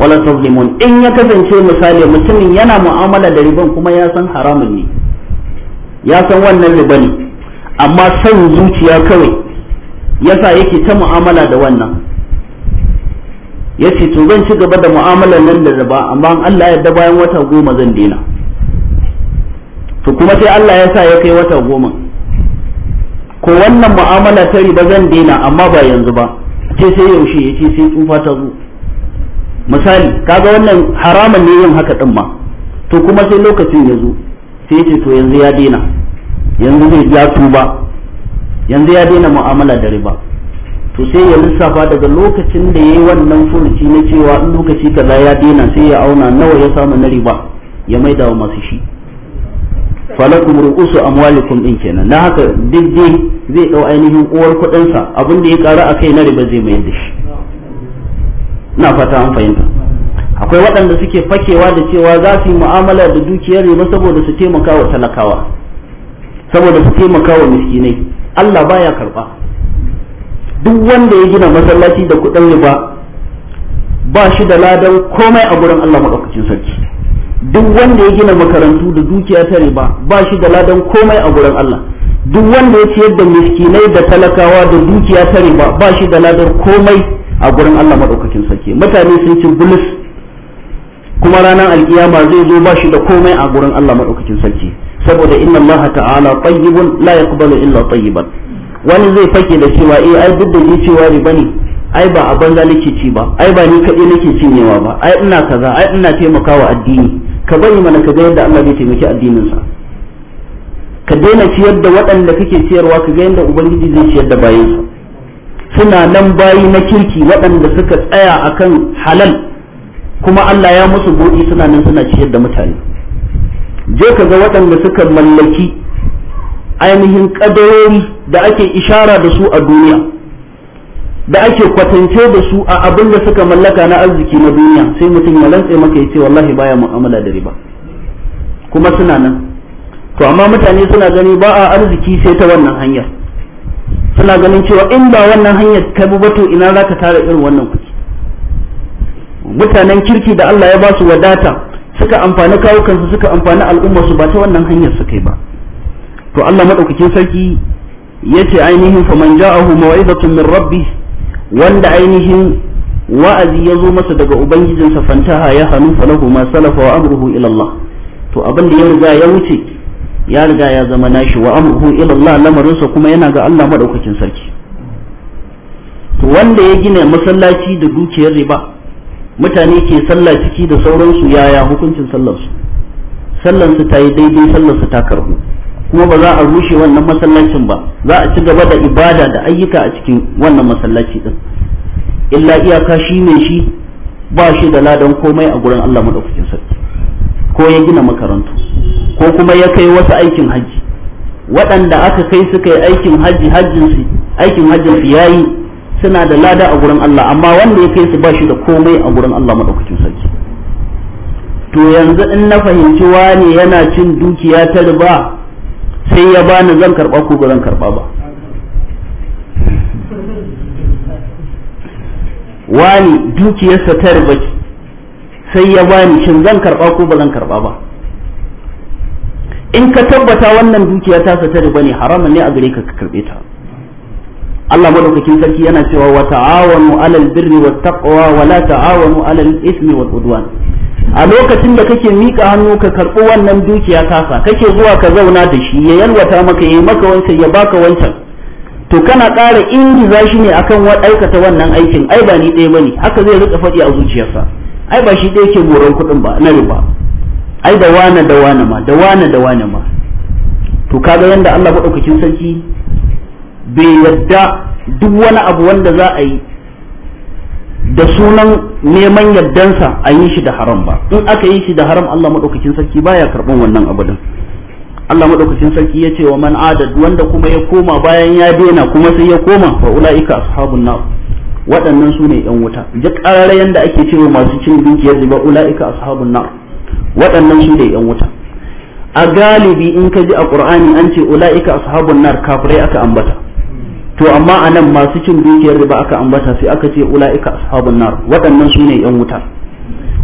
wala tuzlimun in ya kasance misali mutumin yana mu'amala da riban kuma ya san haramun ne ya san wannan riba ne amma san zuciya kawai yasa yake ta mu'amala da wannan yace to zan ci gaba da mu'amalar nan da riba amma Allah ya da bayan wata goma zan daina to kuma sai Allah ya sa ya kai wata goma ko wannan mu'amala ta riba zan daina amma ba yanzu ba ce sai yaushe ya ce sai tsufa ta zo misali kaga wannan haramun ne yin haka din ma to kuma sai lokacin ya zo sai ce to yanzu ya daina yanzu zai ya tuba yanzu ya daina mu'amala da riba to sai ya lissafa daga lokacin da ya yi wannan furuci na cewa in lokaci kaza ya daina sai ya auna nawa ya samu na riba ya maida wa masu shi falakum ru'usu amwalikum in kenan na haka diddin zai dau ainihin uwar kuɗinsa abin da ya ƙara a kai na riba zai mayar da shi na fata an fahimta akwai waɗanda suke fakewa da cewa za su yi mu'amala da dukiyar riba saboda su taimaka wa talakawa saboda su taimaka wa miskinai Allah baya karba duk wanda ya gina masallaci da kuɗin riba ba shi da ladan komai a gurin Allah maɗaukacin sarki duk wanda ya gina makarantu da dukiya ta riba ba shi da ladan komai a gurin Allah duk wanda ya ciyar da miskinai da talakawa da dukiya ta riba ba shi da ladan komai a gurin Allah madaukakin sarki mutane sun ci bulus kuma ranar alkiyama zai zo ba shi da komai a gurin Allah madaukakin sarki saboda inna Allah ta'ala tayyibun la yaqbalu illa tayyiban wani zai fake da cewa eh ai duk da ni cewa riba ne ai ba a banza nake ci ba ai ba ni kaɗai nake cinyewa ba ai ina kaza ai ina taimakawa addini ka bari mana ka ga yadda Allah zai taimaki addinin ka daina ciyar da waɗanda kake ciyarwa ka ga yadda ubangiji zai ciyar da bayansa suna nan bayi na kirki waɗanda suka tsaya akan halal kuma Allah ya musu buɗi suna nan suna ciyar da mutane je ka ga waɗanda suka mallaki ainihin ƙadarori da ake ishara da su a duniya da ake kwatance da su a abin da suka mallaka na arziki na duniya sai mutum ya lantse maka ya ce wallahi baya mu'amala da riba kuma suna nan to amma mutane suna gani ba a arziki sai ta wannan hanyar suna ganin cewa in ba wannan hanyar ta bi ba ina za ka tara irin wannan kuɗi mutanen kirki da Allah ya ba su wadata suka amfani kawukansu suka amfani al'ummarsu ba ta wannan hanyar suka yi ba to Allah madaukakin sarki yace ainihin faman ja'ahu maw'izatun min rabbih wanda ainihin wa'azi ya zo masa daga ubangijinsa fantaha ya hannu falahu ma salafa wa amruhu ilallah to abin da ya riga ya wuce ya riga ya zama nashi wa amruhu ilallah lamarinsa kuma yana ga Allah maɗaukakin sarki to wanda ya gina masallaci da dukiyar riba mutane ke sallah ciki da sauransu yaya hukuncin sallarsu sallarsu ta yi daidai sallarsu ta karbu kuma ba za a rushe wannan masallacin ba za a ci gaba da ibada da ayyuka a cikin wannan masallaci din illa iyaka shi ne shi ba shi da ladan komai a gurin Allah madaukakin sarki ko ya gina makarantu ko kuma ya kai wasu aikin hajji waɗanda aka kai suka yi aikin haji hajjin su aikin hajjin su yayi suna da lada a gurin Allah amma wanda ya kai su ba shi da komai a gurin Allah madaukakin sarki to yanzu in na fahimci wane yana cin dukiya ta riba sai ya bani zan karɓa ko ba zan karɓa ba wani dukiyarsa ta ribaki sai ya bani shin zan karɓa ko ba zan karɓa ba in ka tabbata wannan dukiya ta sa ta riba ne haramun ne a gare ka ka karbe ta Allah madaukakin sarki yana cewa wa ta'awanu alal birri wat taqwa wa la ta'awanu alal ismi wal udwan a lokacin da kake mika hannu ka karɓi wannan dukiya tasa kake zuwa ka zauna da shi ya yalwata maka ya yi maka wancan ya baka wancan to kana ƙara ingiza shi ne akan aikata wannan aikin ai ba ni ɗaya bane haka zai riƙa faɗi a zuciyarsa ai ba shi ɗaya ke goron kuɗin ba na riba ai da wane da wane ma da wane da wane ma to kaga yanda Allah maɗaukakin sarki bai yadda duk wani abu wanda za a yi da sunan neman yardansa a yi shi da haram ba in aka yi shi da haram Allah madaukakin sarki baya karban wannan abudin Allah madaukakin sarki ya ce wa man adad wanda kuma ya koma bayan ya daina kuma sai ya koma fa ulaika ashabun nar waɗannan su ne yan wuta duk ƙararrayen da ake cewa masu cin dukiyar riba ulaika ashabun nar waɗannan su ne yan wuta a galibi in ka ji a qur'ani an ce ulaika ashabun nar kafirai aka ambata to amma nan masu cin dukiyar riba aka ambata sai aka ce ula'ika ashabun nar waɗannan su ne yan wuta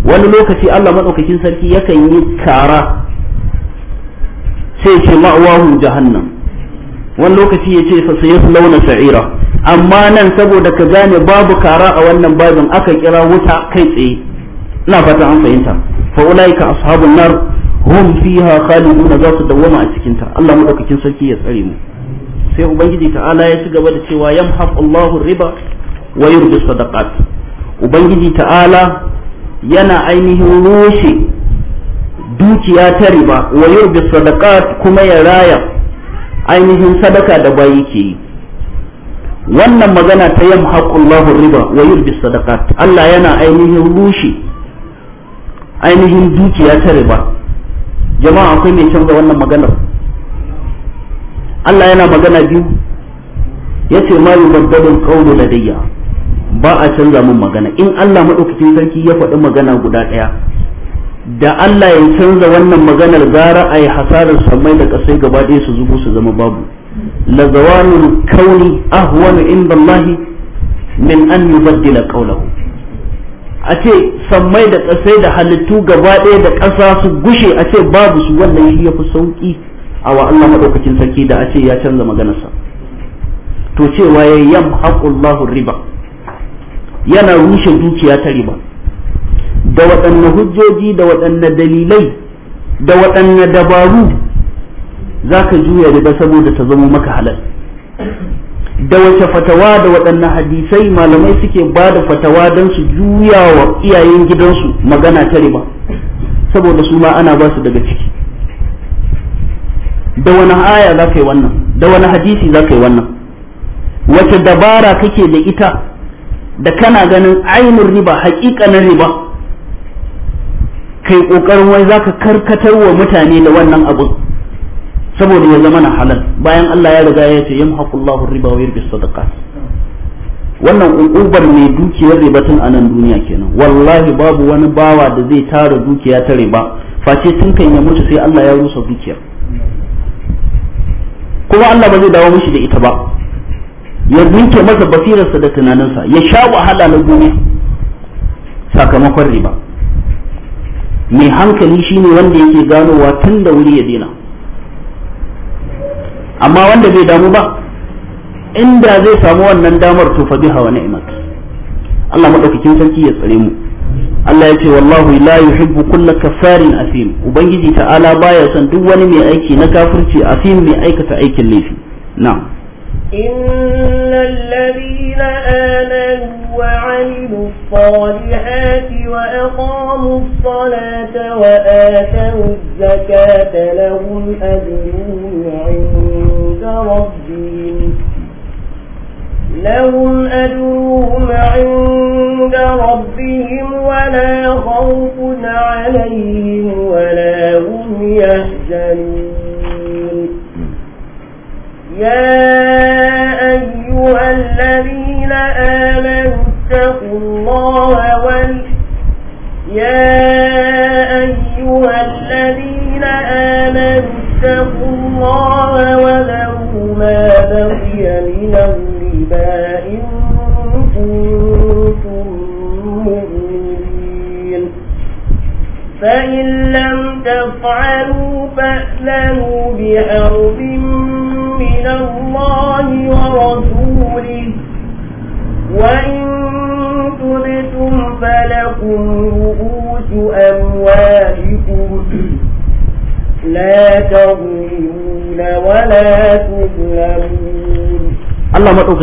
wani lokaci Allah maɗaukakin sarki yakan yi kara sai ce ma'awahun jahannam wani lokaci ya ce sai launa sa'ira amma nan saboda ka gane babu kara a wannan babin aka kira wuta kai tsaye ina fata an fahimta fa ula'ika ashabun nar hum fiha khalidun za su dawwama a cikin ta Allah maɗaukakin sarki ya tsare mu sai ubangiji ta'ala ya ci gaba da cewa yamhaqullahu riba wa yurbi sadaqat ubangiji ta'ala yana ainihin rushe dukiya ta riba wa yurbi sadaqat kuma ya raya ainihin sadaka da bayi ke yi wannan magana ta yamhaqullahu riba wa yurbi sadaqat Allah yana ainihin rushe ainihin dukiya ta riba jama'a akwai mai canza wannan maganar Allah yana magana biyu ya yace ma yubaddalul qawlu ladayya ba a canza min magana in Allah maɗaukacin sarki ya faɗi magana guda ɗaya da Allah ya canza wannan maganar gara a yi hasarar samai da kasai gaba ɗaya su zubo su zama babu la zawalul kauni ahwanu inda lahi min an yubaddila qawlahu a ce sammai da ƙasai da halittu gaba ɗaya da ƙasa su gushe a ce babu su wannan shi fi sauki awa Allah madaukakin sarki da a ce ya canza maganarsa to cewa ya Allahu riba yana rushe dukiya ta riba da waɗanne hujjoji da waɗanne dalilai da waɗanne dabaru za ka juya riba saboda ta zama maka halal da wace fatawa da waɗanne hadisai malamai suke ba da fatawa don su juya wa iyayen gidansu magana ta riba saboda su ma ana ba su daga ciki da wani aya za ka yi wannan da wani hadisi za ka yi wannan wace dabara kake da ita da kana ganin ainihin riba hakikanin riba kai kokarin wai za ka karkatar wa mutane da wannan abun saboda ya zama na halal bayan Allah ya riga ya ce yamhaqullahu riba wa yurbi sadaka. wannan ƙunƙubar mai dukiyar riba tun a nan duniya kenan wallahi babu wani bawa da zai tara dukiya ta riba face tun kan ya mutu sai Allah ya rusa dukiyar kuma Allah ba zai dawo mishi da ita ba ya ninke masa basirarsa da tunaninsa ya sha wahala na duniya sakamakon riba mai hankali shine wanda yake ganowa tun da wuri ya dina amma wanda bai damu ba inda zai samu wannan damar to fa biha wa ni'mat Allah madaukakin sarki ya tsare mu Allah ya ce wallahu la yuhibbu kulla kafarin asim ubangiji ta'ala baya son duk wani mai aiki na kafirci asim mai aikata aikin laifi na'am innal ladina amanu wa 'amilu salihati wa aqamu salata wa atu zakata lahum لهم أجرهم عند ربهم ولا خوف عليهم ولا هم يحزنون يا أيها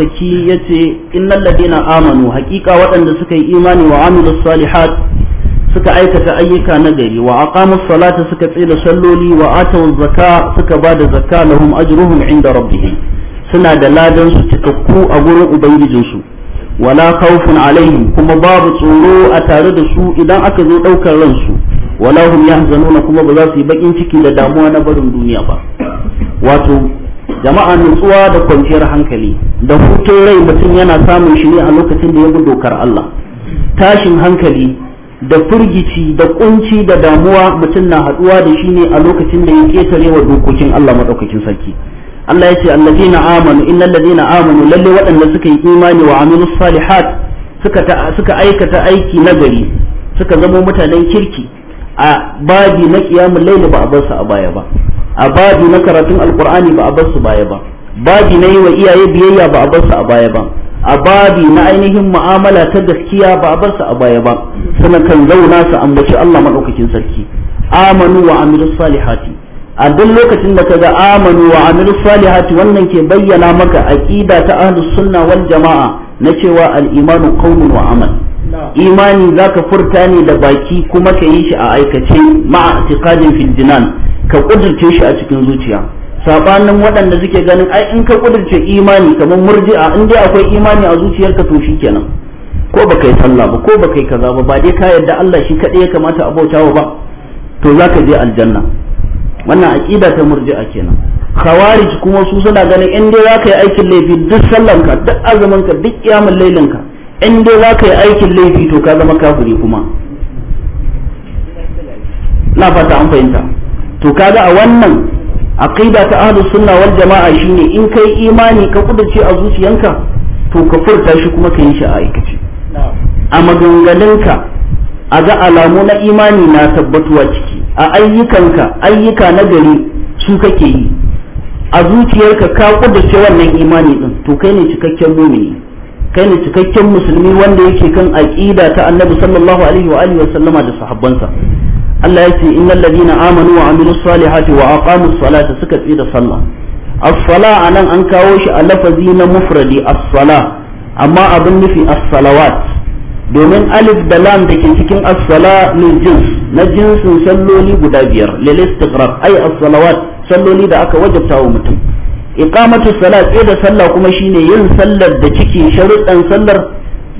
ce in innal ladina amanu hakika waɗanda suka yi imani wa amilus salihat suka aikata ayyuka na gari wa aqamus salata suka tsira salloli wa atawuz zakka suka da zakka lahum ajruhum inda rabbihim suna da ladan su cikakku a gurin ubangijin su wala khawfun alaihim kuma babu tsoro a tare da su idan aka zo daukar ransu wala hum yahzanuna kuma ba za su yi bakin ciki da damuwa na barin duniya ba wato jama'a nutsuwa da kwanciyar hankali da hutun rai mutum yana samun shi ne a lokacin da ya bi dokar Allah tashin hankali da firgici da kunci da damuwa mutum na haduwa da shi ne a lokacin da ya ketare wa dokokin Allah madaukakin sarki Allah ya ce allazina amanu innal ladina amanu lalle waɗanda suka yi imani wa amilus salihat suka suka aikata aiki nagari suka zama mutanen kirki a babi na kiyamul laili ba a bar su a baya ba a babi na karatun alkur'ani ba a bar su baya ba babi na yi wa iyaye biyayya ba a bar su a baya ba a babi na ainihin mu'amala ta gaskiya ba a bar su a baya ba suna kan zauna su ambaci Allah madaukakin sarki amanu wa amilus salihati a duk lokacin da kaga amanu wa amilus salihati wannan ke bayyana maka aqida ta ahlus sunna wal jama'a na cewa al-imanu qawlun wa amal imani zaka furta ne da baki kuma ka yi shi a aikace ma'a tiqadin jinan ka kudurce shi a cikin zuciya sabanin waɗanda suke ganin ai in ka kudurce imani kamar murji'a in dai akwai imani a zuciyarka to shi kenan ko baka yi sallah ba ko baka yi kaza ba ba dai ka yarda Allah shi kadai ya kamata a bautawa ba to ka je aljanna wannan aqida ta murji'a kenan khawarij kuma su suna ganin in dai ka yi aikin laifi duk sallanka duk azuminka duk kiyamul lailinka in dai ka yi aikin laifi to ka zama kafiri kuma na fata an fahimta to kaga a wannan aqida ta ahlus sunna wal jama'a shine in kai imani ka kudurce a zuciyanka to ka furta shi kuma ka yi shi a aikace a maganganunka a ga alamu na imani na tabbatuwa ciki a ayyukanka ayyuka na gari su kake yi a zuciyarka ka kudurce wannan imani din to kai ne cikakken mumini kai ne cikakken musulmi wanda yake kan aqida ta annabi sallallahu alaihi wa alihi wa sallama da sahabbansa Allah ya ce innal ladina amanu wa amilus salihati wa aqamus salata suka tsira sallah as-sala anan an kawo shi a lafazi na mufradi as-sala amma abin nufi as-salawat domin alif da lam da ke cikin as-sala min jins na jinsin salloli guda biyar lil istiqrar ay as-salawat salloli da aka wajabta wa mutum iqamatu salat sai da sallah kuma shine yin sallar da cikin sharuɗan sallar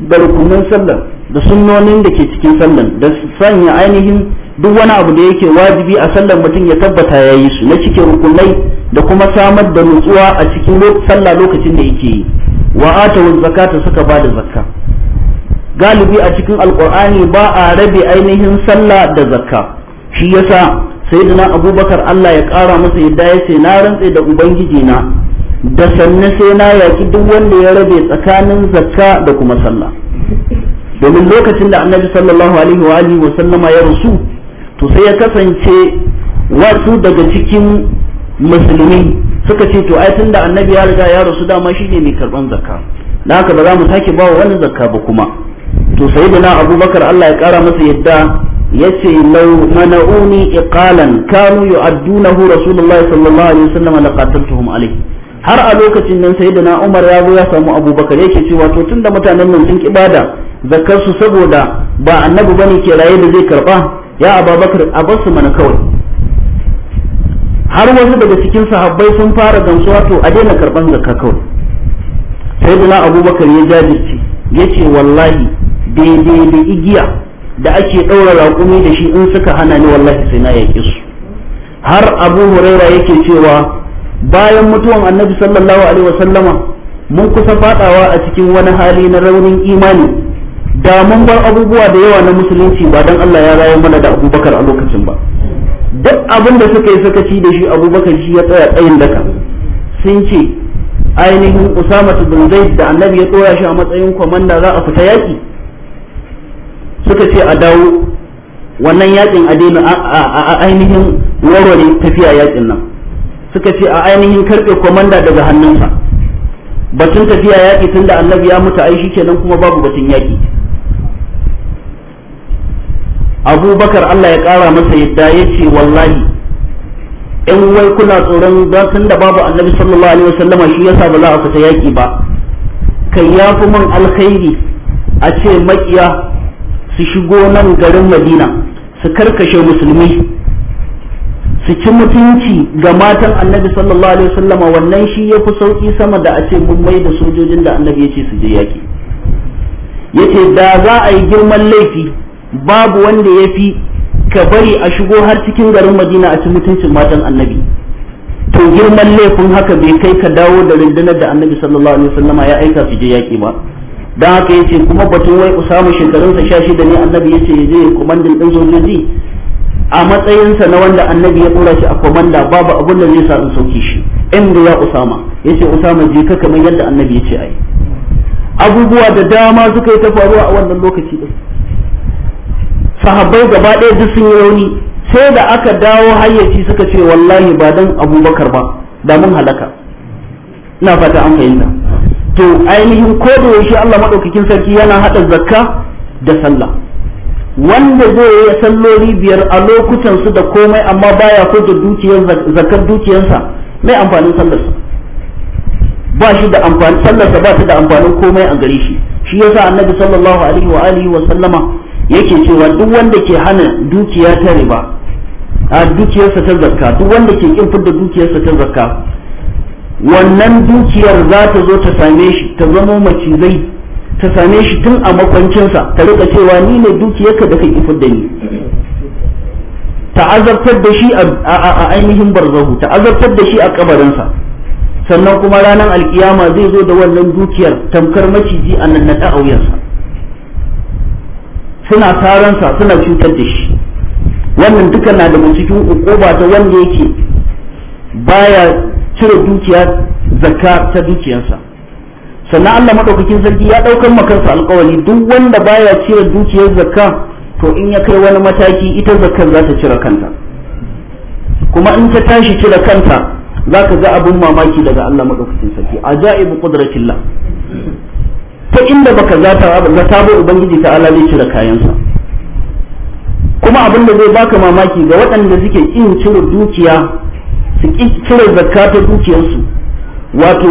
da rukunin sallar da sunnonin da ke cikin sallar da sanya ainihin duk wani abu da yake wajibi a sallar mutum ya tabbata ya yi su na cikin rukunai da kuma samar da nutsuwa a cikin sallah lokacin da yake yi wa wa zakata saka ba da zakka galibi a cikin alkur'ani ba a rabe ainihin sallah da zakka shi yasa sayyidina abubakar Allah ya kara masa yadda ya ce na rantse da ubangiji na da sanne sai na yaki duk wanda ya rabe tsakanin zakka da kuma sallah domin lokacin da annabi sallallahu alaihi wa alihi wa sallama ya rasu to sai ya kasance wasu daga cikin musulmi suka ce to ai tunda annabi ya riga ya rasu dama shine mai karban zakka da haka ba za mu sake ba wani zakka ba kuma to sayyidina abubakar Allah ya kara masa yadda yace law mana'uni iqalan kanu yu'addunahu rasulullahi sallallahu alaihi wasallam har a lokacin nan sayyidina Umar ya zo ya samu Abubakar yake cewa to tunda mutanen nan sun kibada zakar su saboda ba annabi bane ke raye da zai karba ya ababakar a bar mana kawai har wasu daga cikin sahabbai sun fara gamsuwa to a daina karban zakka kawai sai dana abubakar ya jajirce ya ce wallahi daidai da igiya da ake ɗaura raƙumi da shi in suka hana ni wallahi sai na yaƙi su har abu huraira yake cewa bayan mutuwan annabi sallallahu alaihi wasallama mun kusa faɗawa a cikin wani hali na raunin imani da mun bar abubuwa da yawa na musulunci ba dan Allah ya rayu mana da abubakar a lokacin ba duk abin da suka yi suka ci da shi abubakar shi ya tsaya tsayin daka sun ce ainihin usama bin zaid da annabi ya tsora shi a matsayin kwamanda za a fita yaki suka ce a dawo wannan yakin a daina a ainihin warware tafiya yakin nan suka ce a ainihin karɓe kwamanda daga hannunsa batun tafiya yaƙi tun da annabi ya mutu ai shi kenan kuma babu batun yaƙi abubakar Allah ya ƙara masa yadda ya ce wallahi 'yan wai kuna tsoron zafin da babu annabi sallallahu alaihi wasallama shi yasa ba za a fita yaƙi ba kai ya fi man alkhairi a ce maƙiya su shigo nan garin madina su karkashe musulmi su ci mutunci ga matan annabi sallallahu alaihi wasallama wannan shi ya fi sauƙi sama da a ce mun mai da sojojin da annabi ya ce su je yaƙi yace da za a yi girman laifi babu wanda ya fi ka bari a shigo har cikin garin madina a cikin mutuncin matan annabi to girman laifin haka bai kai ka dawo da rundunar da annabi sallallahu alaihi wasallama ya aika su je yaƙi ba dan haka yace kuma batun wai usamu shekarunsa sha da ne annabi yace ya je komandin din sojoji a matsayinsa na wanda annabi ya dora shi a komanda babu abun da zai sa in sauke shi inda ya usama yace usama je ka kamar yadda annabi yace ai abubuwa da dama suka yi ta faruwa a wannan lokaci din sahabbai gaba ɗaya duk sun yi rauni sai da aka dawo hayyaci suka ce wallahi ba dan abubakar ba da mun halaka ina fata an fahimta to ainihin ko da yaushe Allah madaukakin sarki yana hada zakka da sallah wanda zai yi salloli biyar a lokutan su da komai amma baya ko da dukiyar zakkar dukiyarsa mai amfanin sallarsa ba shi da amfani sallarsa ba shi da amfanin komai a gare shi shi yasa annabi sallallahu alaihi wa alihi wa sallama yake cewa duk wanda ke hana dukiya ta riba a dukiyarsa ta zakka duk wanda ke kin fidda dukiyarsa ta zakka wannan dukiyar za ta zo ta same shi ta zama macizai ta same shi tun a makwancinsa ta rika cewa ni ne dukiyarka da kai fidda ni ta azabtar da shi a ainihin barzahu ta azabtar da shi a kabarinsa sannan kuma ranar alkiyama zai zo da wannan dukiyar tamkar maciji a nan na a wuyansa suna taransa suna cutar da shi wannan duka na daga cikin ukuba ta wanda yake baya cire dukiya zakka ta dukiyarsa sannan Allah madaukakin sarki ya daukar makansa alkawari duk wanda baya cire dukiyar zakka to in ya kai wani mataki ita zakkar za ta cire kanta kuma in ta tashi cire kanta za ka ga abin mamaki daga Allah madaukakin sarki ajaibu qudratillah ta inda baka zata ba ga sabo ubangiji ta Allah zai cire kayansa kuma abin da zai baka mamaki ga waɗanda suke kin cire dukiya su ki cire zakka ta dukiyarsu wato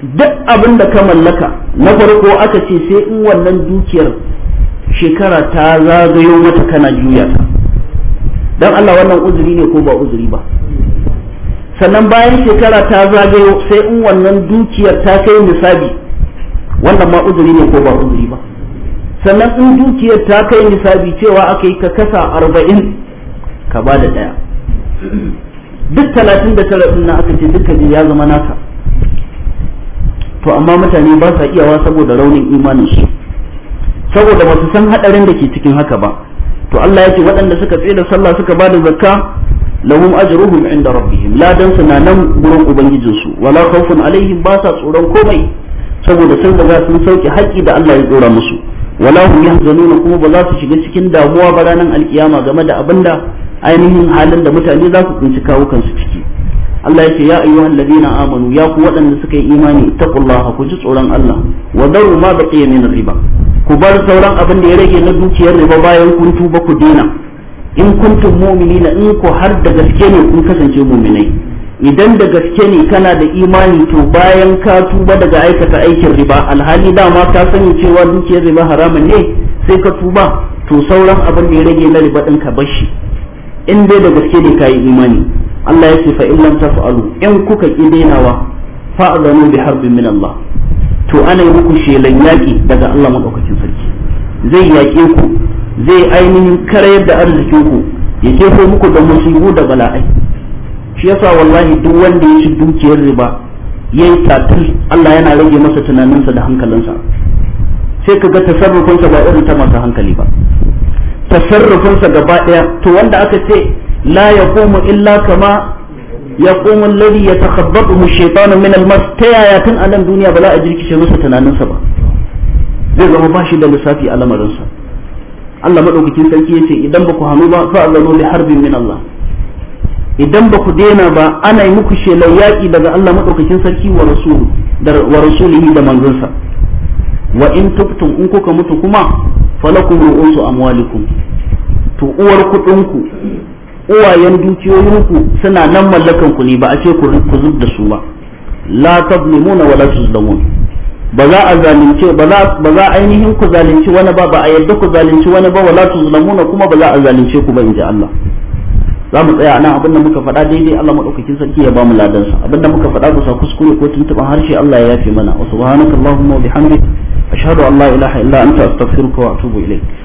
duk abin da ka mallaka na farko aka ce sai in wannan dukiyar shekara ta zagayo mata kana juya ta dan Allah wannan uzuri ne ko ba uzuri ba sannan bayan shekara ta zagayo sai in wannan dukiyar ta kai misali. wannan ma uzuri ne ko ba uzuri ba sannan in dukiyar ta kai nisabi cewa aka yi ka kasa arba'in ka ba da ɗaya duk talatin da tara ɗin aka ce duka ya zama naka to amma mutane ba sa iyawa saboda raunin imanin su saboda ba su san haɗarin da ke cikin haka ba to Allah ya ce waɗanda suka tsaye da sallah suka ba da zakka lahum ajruhum inda rabbihim ladan su na nan gurin ubangijinsu wala khawfun alaihim ba sa tsoron komai saboda sun da za su sauke haƙƙi da Allah ya dora musu wala hum yahzanuna kuma ba za su shiga cikin damuwa ba ranar alkiyama game da abinda ainihin halin da mutane za su tsinci kawo kansu ciki Allah ya ce ya ayyuhan ladina amanu ya ku waɗanda suka yi imani taqullaha ku ji tsoron Allah wa daru ma baqiya min riba ku bar sauran abin da ya rage na dukiyar riba bayan kun tuba ku dena in kuntum mu'minina in ku har da gaske ne kun kasance mu'minai idan da gaske ne kana da imani to bayan ka tuba daga aikata aikin riba alhali dama ka sani cewa dukiyar riba haramun ne sai ka tuba to sauran abin da ya rage na riba ɗin ka bashi in dai da gaske ne ka yi imani Allah ya ce fa in lam taf'alu in kuka ki dainawa fa'zanu bi harbi min Allah to ana yi muku shelan yaki daga Allah madaukakin sarki zai yaƙe ku zai ainihin karayar da arzikin ku ya jefo muku da musibu da bala'ai shi yasa wallahi duk wanda ya ci dukiyar riba yayi tatil Allah yana rage masa tunaninsa da hankalinsa sai ka ga tasarrufinsa ba irin ta masu hankali ba tasarrufinsa gaba daya to wanda aka ce la yaqumu illa kama yaqumu alladhi yatakhabbathu shaytanu min al-mas ta yaya tun a nan duniya ba za a jirkice masa tunaninsa ba zai zama ba shi da lissafi a lamarinsa Allah madaukakin sarki yace idan ba ku hanu ba fa azanu li harbin min Allah idan ba ku daina ba ana yi muku shelar yaƙi daga Allah maɗaukakin sarki wa rasulu wa rasulihi da manzonsa wa in tubtum in kuka mutu kuma falakum ru'usu amwalikum to uwar kuɗinku uwayen dukiyoyinku suna nan mallakan ku ne ba a ce ku zub da su ba la tazlimuna wa la tuzlamun ba za a zalunce ba za ba za ainihin ku zalunci wani ba ba a yadda ku zalunci wani ba wa la tuzlamuna kuma ba za a zalunce ku ba in ji Allah za mu tsaya nan abinda muka faɗa daidai Allah madaukakin sarki ya ba mu ladansa sa abinda muka faɗa ba sa kuskure ko tuntuɓa harshe Allah ya yafe mana wa subhanakallahumma wa bihamdika ashhadu an la ilaha illa anta astaghfiruka wa atubu ilayk